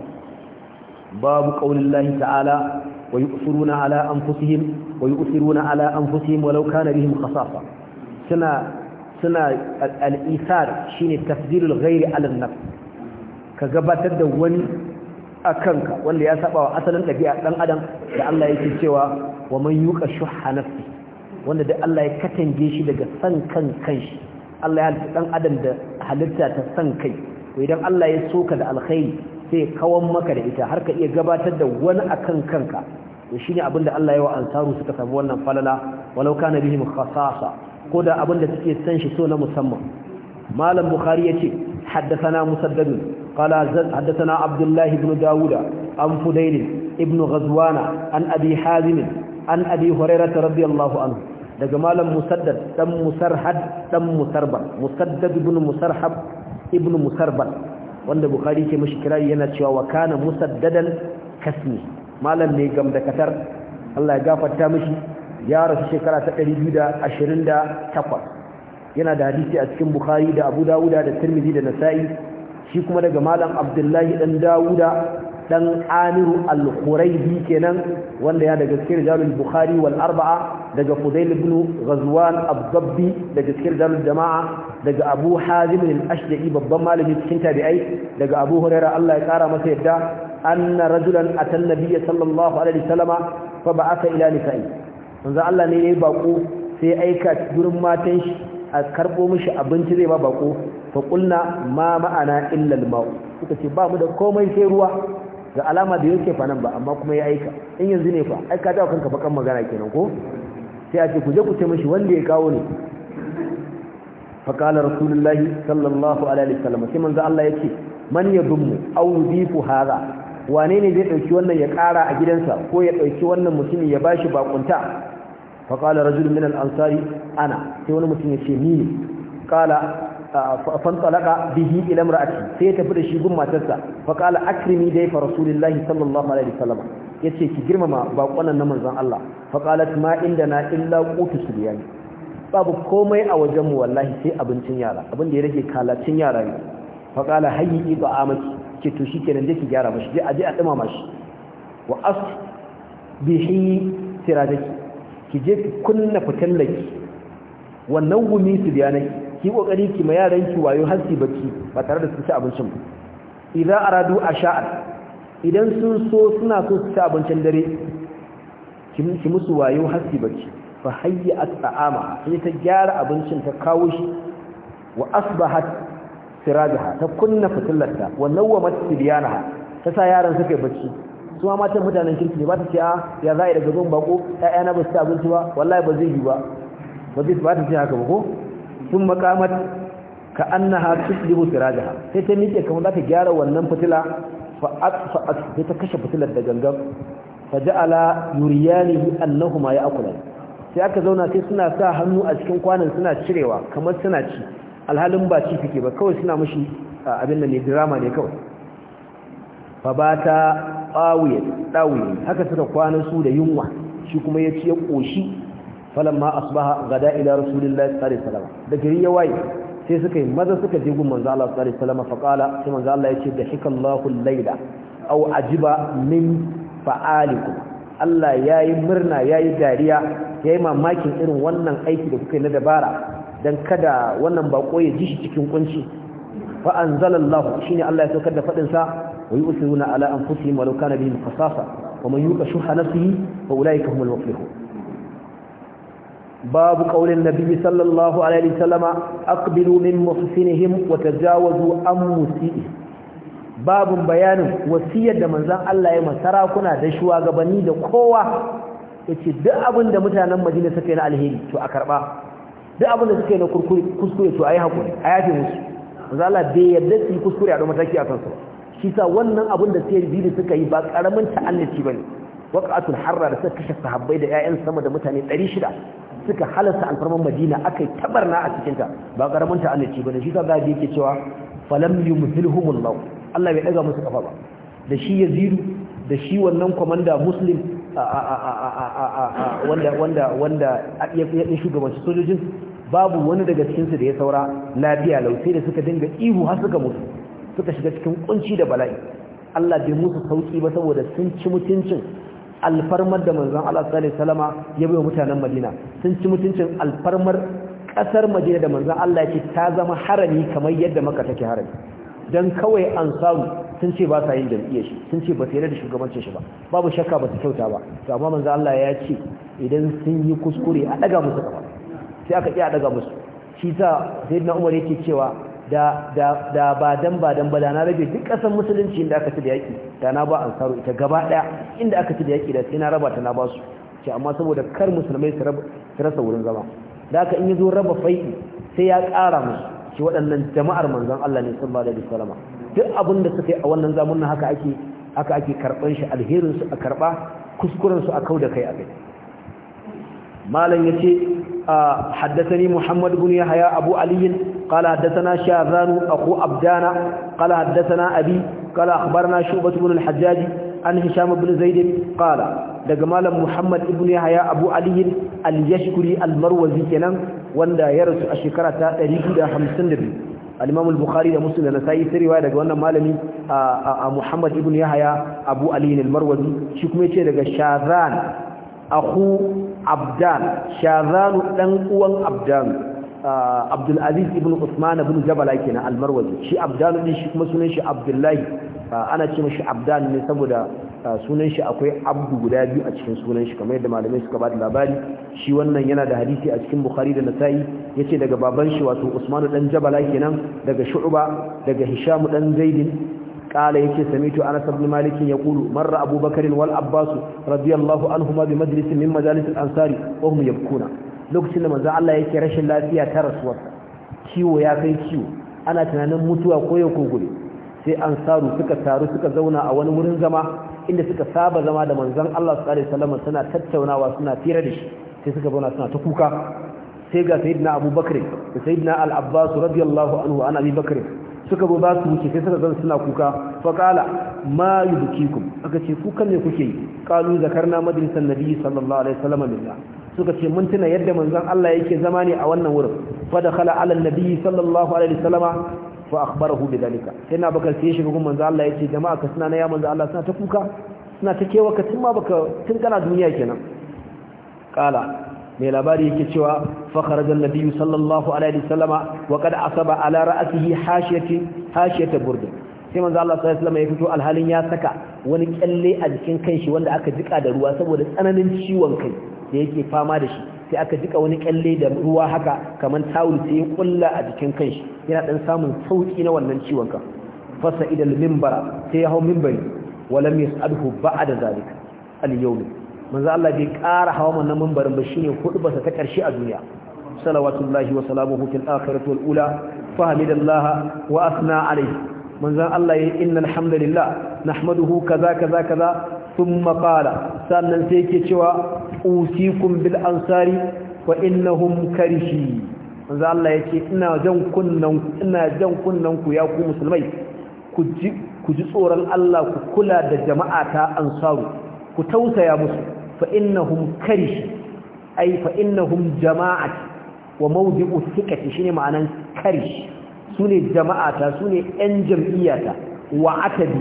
babu qaulillahi ta'ala wa yusiruna ala anfusihim wa yusiruna ala anfusihim walau kana bihim suna suna al shine tafdilul ghairi ala an-nafs ka gabatar da wani a kanka wanda ya saba wa asalin ɗabi'a ɗan adam da Allah yake cewa wa man yuka shuhha nafsi wanda da Allah ya katange shi daga san kan kanshi Allah ya halitta ɗan adam da halitta ta san kai to idan Allah ya soka da alkhairi sai kawan maka da ita har ka iya gabatar da wani akan kanka to shine abinda Allah ya wa ansaru suka samu wannan falala walau kana bihim khasasa ko da abinda suke san shi so na musamman malam bukhari yace حدثنا مسدد قال حدثنا عبد الله بن داود عن فديل ابن غزوان عن أبي حازم عن أبي هريرة رضي الله عنه daga malam musaddad dan musarhad dan musarban musaddad ibn musarhab ibn wanda bukhari ke mishi kirari yana cewa wa kana musaddadan kasmi malam ne gam katar Allah ya gafarta mishi ya rasu shekara ta 228 yana da hadisi a cikin bukhari da abu dawuda da tirmidhi da nasa'i shi kuma daga malam abdullahi dan dawuda dan amiru al-khuraibi kenan wanda ya daga cikin rijalul bukhari wal arba'a daga fudail ibn ghazwan ad daga cikin rijalul jama'a daga abu hazim al-ashja'i babban malami cikin tabi'ai daga abu huraira Allah ya kara masa yadda anna rajulan atan nabiyya sallallahu alaihi wasallama fa ba'atha ila nisa'i manzo Allah ne yi bako sai aika gurin matan shi a karbo mishi abinci zai ba bako fa kulna ma ma'ana illa al-ma'u suka ce ba mu da komai sai ruwa ga alama da yake fa nan ba amma kuma ya aika in yanzu ne fa ai ka dawo kanka bakan magana kenan ko sai a ce ku je ku ce mishi wanda ya kawo ne fa qala rasulullahi sallallahu alaihi wasallam sai manzo Allah yake man yadummu aw yudifu hadha wane ne zai dauki wannan ya kara a gidansa ko ya dauki wannan mutumin ya bashi bakunta fa qala rajul al ansari ana sai wani mutum yace ni ne qala fantalaka bihi ila imra'ati sai ya tafi da shi gun matarsa fa qala akrimi dai fa rasulullahi sallallahu alaihi wasallam yace ki girmama bakonan na manzon Allah fa qalat ma indana illa qutu subyani babu komai a wajen mu wallahi sai abincin yara abin da ya rage kalacin yara ne fa qala hayyi ta'amaki ki to shikenan dai ki gyara mashi dai aje a dima mashi wa as bihi sirajaki ki je ki kunna fitallaki wannan gumi su biya nai ki kokari ki ma yaran ki wayo har su baki ba tare da su ci abincin ba idan aradu asha'an idan sun so suna so su ci abincin dare ki musu wayo har su baki fa hayya at'ama sai ta gyara abincin ta kawo shi wa asbahat sirajaha ta kunna fitillarta wa nawwamat sibyanaha ta sa yaran suka yi bacci su ma matan mutanen kirki ne ba ta ce a ah, ya za a yi daga zuwan bako ƴaƴana ba su abinci ba wallahi ba zai yi ba ba zai ba ta ce haka ba ko sun makamat ka annaha tuslibu sirajaha sai ta miƙe kamar za ta gyara wannan fitila sai ta kashe fitilar da gangan fa ja'ala ma ya akula sai aka zauna sai suna sa hannu a cikin kwanan suna cirewa kamar suna ci alhalin ba ci fike ba kawai suna mushi abin da ne drama ne kawai fa bata tsawiye haka suka kwana su da yunwa shi kuma ya ci ya koshi falamma asbaha gada ila rasulillahi sallallahu alaihi wasallam da gari ya waye sai suka yi maza suka je gun manzo Allah sallallahu alaihi wasallam fa qala sai manzo Allah ce da hikallahu layla aw ajiba min fa'alikum Allah yayi murna yayi dariya yayi mamakin irin wannan aiki da kuka yi na dabara dan kada wannan bako ya ji shi cikin kunci fa anzalallahu shine Allah ya saukar da fadin sa ويؤثرون على أنفسهم ولو كان بهم خصاصة ومن يوق شح نفسه فأولئك هم المفلحون باب قول النبي صلى الله عليه وسلم أقبلوا من محسنهم وتجاوزوا عن مسيئهم babin bayanin wasiyar da manzan Allah ya sarakuna da shugabanni da kowa yace duk abin da mutanen Madina suka yi na alheri to a karba duk abin da suka yi na kuskure to ayi hakuri a musu manzan Allah bai yarda su kuskure a don mataki a kansu ba shi wannan abin da sai biyu suka yi ba karamin ta'allaci bane waqatul harra da suka kashe sahabbai da ƴaƴan sama da mutane 600 suka halasta alfarman Madina akai tabarna a cikin ta ba karamin ta'allaci bane shi sa gaji yake cewa falam yumthilhumullahu Allah bai daga musu kafa ba da shi Yazidu da shi wannan komanda muslim wanda wanda wanda ya shugabanci sojojin babu wani daga cikin su da ya saura lafiya lau sai da suka dinga ihu har suka mutu suka shiga cikin kunci da bala'i Allah bai musu sauki ba saboda sun ci mutuncin alfarmar da manzon Allah sallallahu alaihi ya bai mutanen Madina sun ci mutuncin alfarmar kasar Madina da manzon Allah yake ta zama harami kamar yadda Makka take harami dan kawai ansaru sun ce ba sa yin jam'iyyar shi sun ce ba su da shugabancin shi ba babu shakka ba su kyauta ba to amma manzon Allah ya ce idan sun yi kuskure a daga musu kafa sai aka iya daga musu shi sa sayyidina Umar yake cewa da ba dan ba dan ba da na rage duk kasan musulunci inda aka ci da yaki da na ba ansaru ita gaba daya inda aka ci da yaki da sai na raba ta na ba su ce amma saboda kar musulmai su rasa wurin zama da aka in yazo zo raba fai'i sai ya kara musu shi waɗannan jama'ar manzon Allah ne sallallahu alaihi wasallam duk abin da suka yi a wannan zamanin haka ake haka ake karɓan shi alherin su a karba kuskuren su a kauda kai a kai malam yace haddathani muhammad ibn yahya abu ali qala haddathana shazan aku abdana qala haddathana abi qala akhbarna shubah ibn al-hajjaj an hisham ibn zaid daga malam muhammad ibn yahya abu ali al-yashkuri al-marwazi kenan wanda ya rasu a shekara ta 252 al-Imam al-Bukhari da Muslim da Nasa'i sai riwaya daga wannan malami a Muhammad ibn Yahya Abu Ali al-Marwazi shi kuma yace daga Shazan akhu abdan shazanu dan uwan abdan abdul ibn usman ibn jabala kenan almarwazi shi abdan din kuma sunan shi abdullahi ana ce mishi abdan ne saboda sunan shi akwai abdu guda biyu a cikin sunan shi kamar yadda malamai suka ba da labari shi wannan yana da hadisi a cikin bukhari da nasa'i yace daga baban shi wato usman dan jabala kenan daga shu'ba daga hisham dan zaidin قال يكي سميت أنس بن مالك يقول مر أبو بكر والعباس رضي الله عنهما بمجلس من مجالس الأنصار وهم يبكون lokacin da manzo Allah yake rashin lafiya ta rasuwar ciwo ya kai ciwo ana tunanin mutuwa ko yau ko sai ansaru suka taru suka zauna a wani wurin zama inda suka saba zama da manzan Allah sallallahu alaihi tattaunawa suna fira da shi sai suka zauna suna ta kuka sai ga sayyidina Abu Bakr da sayyidina Al-Abbas radiyallahu anhu an Abi Bakr suka ba su wuce sai suka zama suna kuka faƙala ma yi aka ce kukan ne kuke yi ƙalu zakarna majalisar nabi sallallahu alaihi wasallam lillah suka ce mun tuna yadda manzon Allah yake zama ne a wannan wurin fa dakhala ala nabi sallallahu alaihi wasallama fa akhbarahu bidalika sai na bakar sai shiga gun manzon Allah yake jama'a ka suna na ya manzon Allah suna ta kuka suna ta kewa ka tun ma baka tun kana duniya kenan ƙala mai labari yake cewa fakharajan nabiyyu sallallahu alaihi wasallama wa qad asaba ala ra'sihi hashiyatin hashiyata sai manzo Allah sallallahu alaihi wasallama ya fito alhalin ya saka wani kyalle a jikin kanshi wanda aka jika da ruwa saboda tsananin ciwon kai da yake fama da shi sai aka jika wani kyalle da ruwa haka kamar tawul sai ya kulla a jikin kanshi yana dan samun sauki na wannan ciwon kan fasa idal minbara sai ya hau minbari walam yas'alhu ba'da zalika al-yawm manzo Allah bai ƙara hawa wannan mambarin ba shine hudubarsa ta ƙarshe a duniya salawatullahi wa salamuhu fil akhirati wal ula fa hamidallaha wa asna alayhi manzo Allah ya innal hamdalillah nahmaduhu kaza kaza kaza thumma qala sannan sai yake cewa usikum bil ansari wa innahum karishi manzo Allah yace ina jan kunnan ina jan kunnan ku ya ku musulmai ku ji ku ji tsoron Allah ku kula da jama'a ta ansaru ku tausaya musu fa innahum karish ay fa innahum wa mawdi'u thiqati shine ma'anan karish sune jama'ata sune yan jam'iyyata wa atabi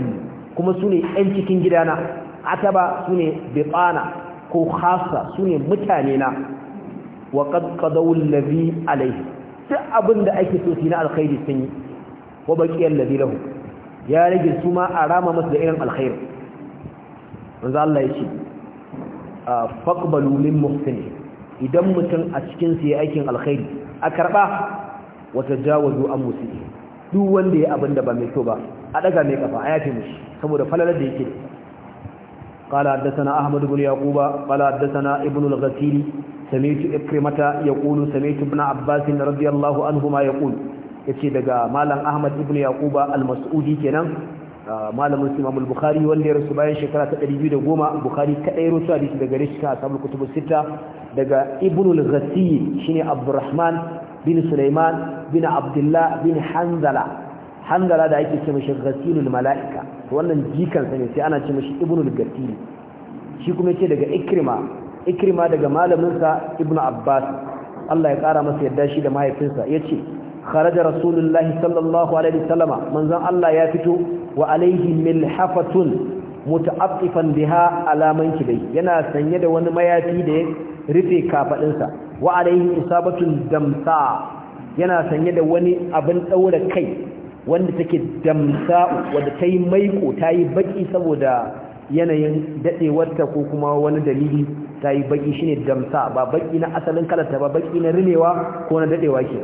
kuma sune yan cikin gidana ataba sune bibana ko khassa sune mutanena na wa qad qadaw allazi alayhi abinda ake so shi na alkhairi sun yi wa baqiyal ladhi ya rage su ma a masu da irin alkhairi manzo Allah ya ce faqbalu min muhsin idan mutum a cikin su yayi aikin alkhairi a karba wa tajawazu an musii duk wanda ya abinda ba mai so ba a daga mai kafa a yafe mishi saboda falalar da yake قال حدثنا أحمد بن يعقوب قال حدثنا ابن الغسيل سمعت إكرمة يقول سمعت ابن عباس رضي الله عنهما يقول yace daga Mallam Ahmad ibn Yaquba al kenan malamin su imamul bukhari wanda ya rasu bayan shekara ta 210 bukhari kadai rasu hadisi daga rishi ta asabul kutubu sita daga ibnul ghassi shine abdurrahman bin sulaiman bin abdullah bin hanzala hanzala da ake cewa shi ghassilul mala'ika wannan jikan sa ne sai ana ce mishi ibnul ghassi shi kuma yace daga ikrima ikrima daga malamin sa ibnu abbas Allah ya kara masa yadda shi da mahaifinsa yace kharaja rasulullahi sallallahu alaihi wasallama manzon Allah ya fito wa alaihi milhafatun muta'affifan biha alaman kibai yana sanye da wani mayafi da ya rufe kafadinsa wa alaihi isabatun damsa yana sanye da wani abin daura kai wanda take damsa wanda tayi maiko tayi baki saboda yanayin dadewarta ko kuma wani dalili tayi baki shine damsa ba baki na asalin kalarta ba baki na rinewa ko na dadewa ke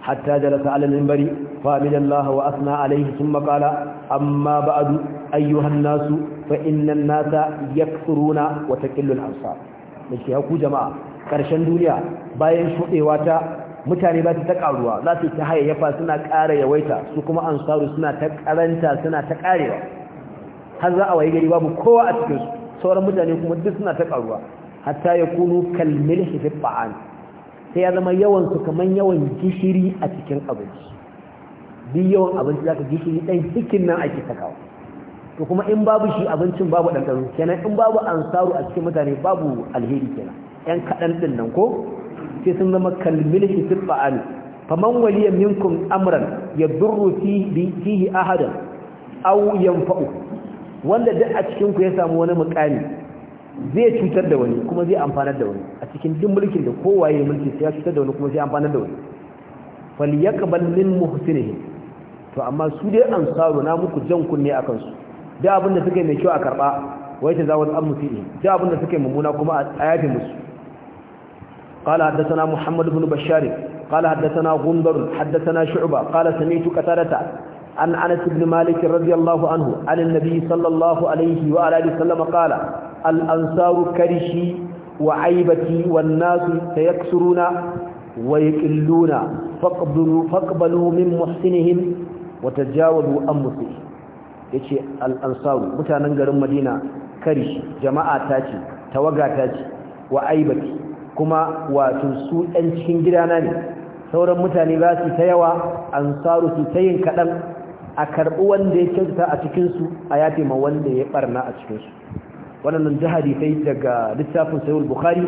hatta jalasa alal minbari فامد الله وأثنى عليه ثم قال أما بعد أيها الناس فإن الناس يكثرون وتكل الأنصار لكي هكو جماعة ƙarshen duniya bayan shuɗewa ta mutane ba su ta ƙaruwa za su ta hayayyafa suna ƙara yawaita su kuma ansaru suna ta karanta suna ta ƙarewa har za a waye gari babu kowa a cikinsu sauran mutane kuma duk suna ta ƙaruwa hatta ya kunu kalmil hifif ba'an sai ya zama yawansu kamar yawan gishiri a cikin abinci duk yawan abinci zaka shi ɗan cikin nan ake sakawa to kuma in babu shi abincin babu ɗanɗano kenan in babu ansaru a cikin mutane babu alheri kenan ƴan kaɗan ɗin nan ko sai sun zama kalmil shi sun fa'alu faman waliyan minkum amran ya durru fihi ahadan aw yanfa'u wanda duk a cikin ku ya samu wani mukami zai cutar da wani kuma zai amfanar da wani a cikin duk mulkin da kowaye mulki sai ya cutar da wani kuma sai amfanar da wani falyakbal min muhsinihi to amma su dai ansaru na muku jan kunne a kansu da abin da suka yi mai kyau a karɓa wai ta zawar an mutu ne da abin da suka yi mummuna kuma a yafi musu قال حدثنا محمد بن بشار قال حدثنا غندر حدثنا شعبة قال سمعت قتادة عن أنس بن مالك رضي الله عنه عن النبي صلى الله عليه وعلى آله وسلم قال الأنصار كرشي وعيبتي والناس سيكسرون ويقلون فاقبلوا, فاقبلوا من محسنهم wata jawalu an musu ya ce al'ansaru mutanen garin madina kari jama'a ta ce tawaga ta ce wa aibati kuma wato su yan cikin gidana ne sauran mutane za su ta yawa ansaru su ta yin kaɗan a karɓi wanda ya kyauta a cikinsu a yafe ma wanda ya ɓarna a cikinsu waɗannan jihadi sai daga littafin sayul bukhari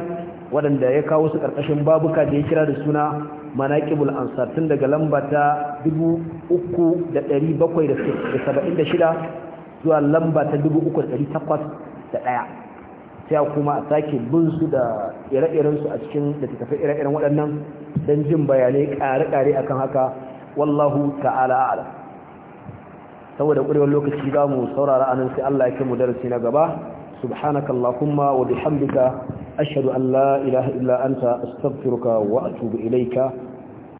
waɗanda ya kawo su ƙarƙashin babuka da ya kira da suna manaƙibul ansar tun daga lamba ta 3776 zuwa lamba ta 3801 sai kuma a sake bin su da ire-iren su a cikin da tafi ire-iren waɗannan dan jin bayanai ƙare-ƙare akan haka wallahu ta'ala saboda ƙuriwar lokaci za mu saurara anan sai Allah ya kai mu darasi na gaba subhanakallahumma wa bihamdika ashadu an la ilaha illa anta astaghfiruka wa atubu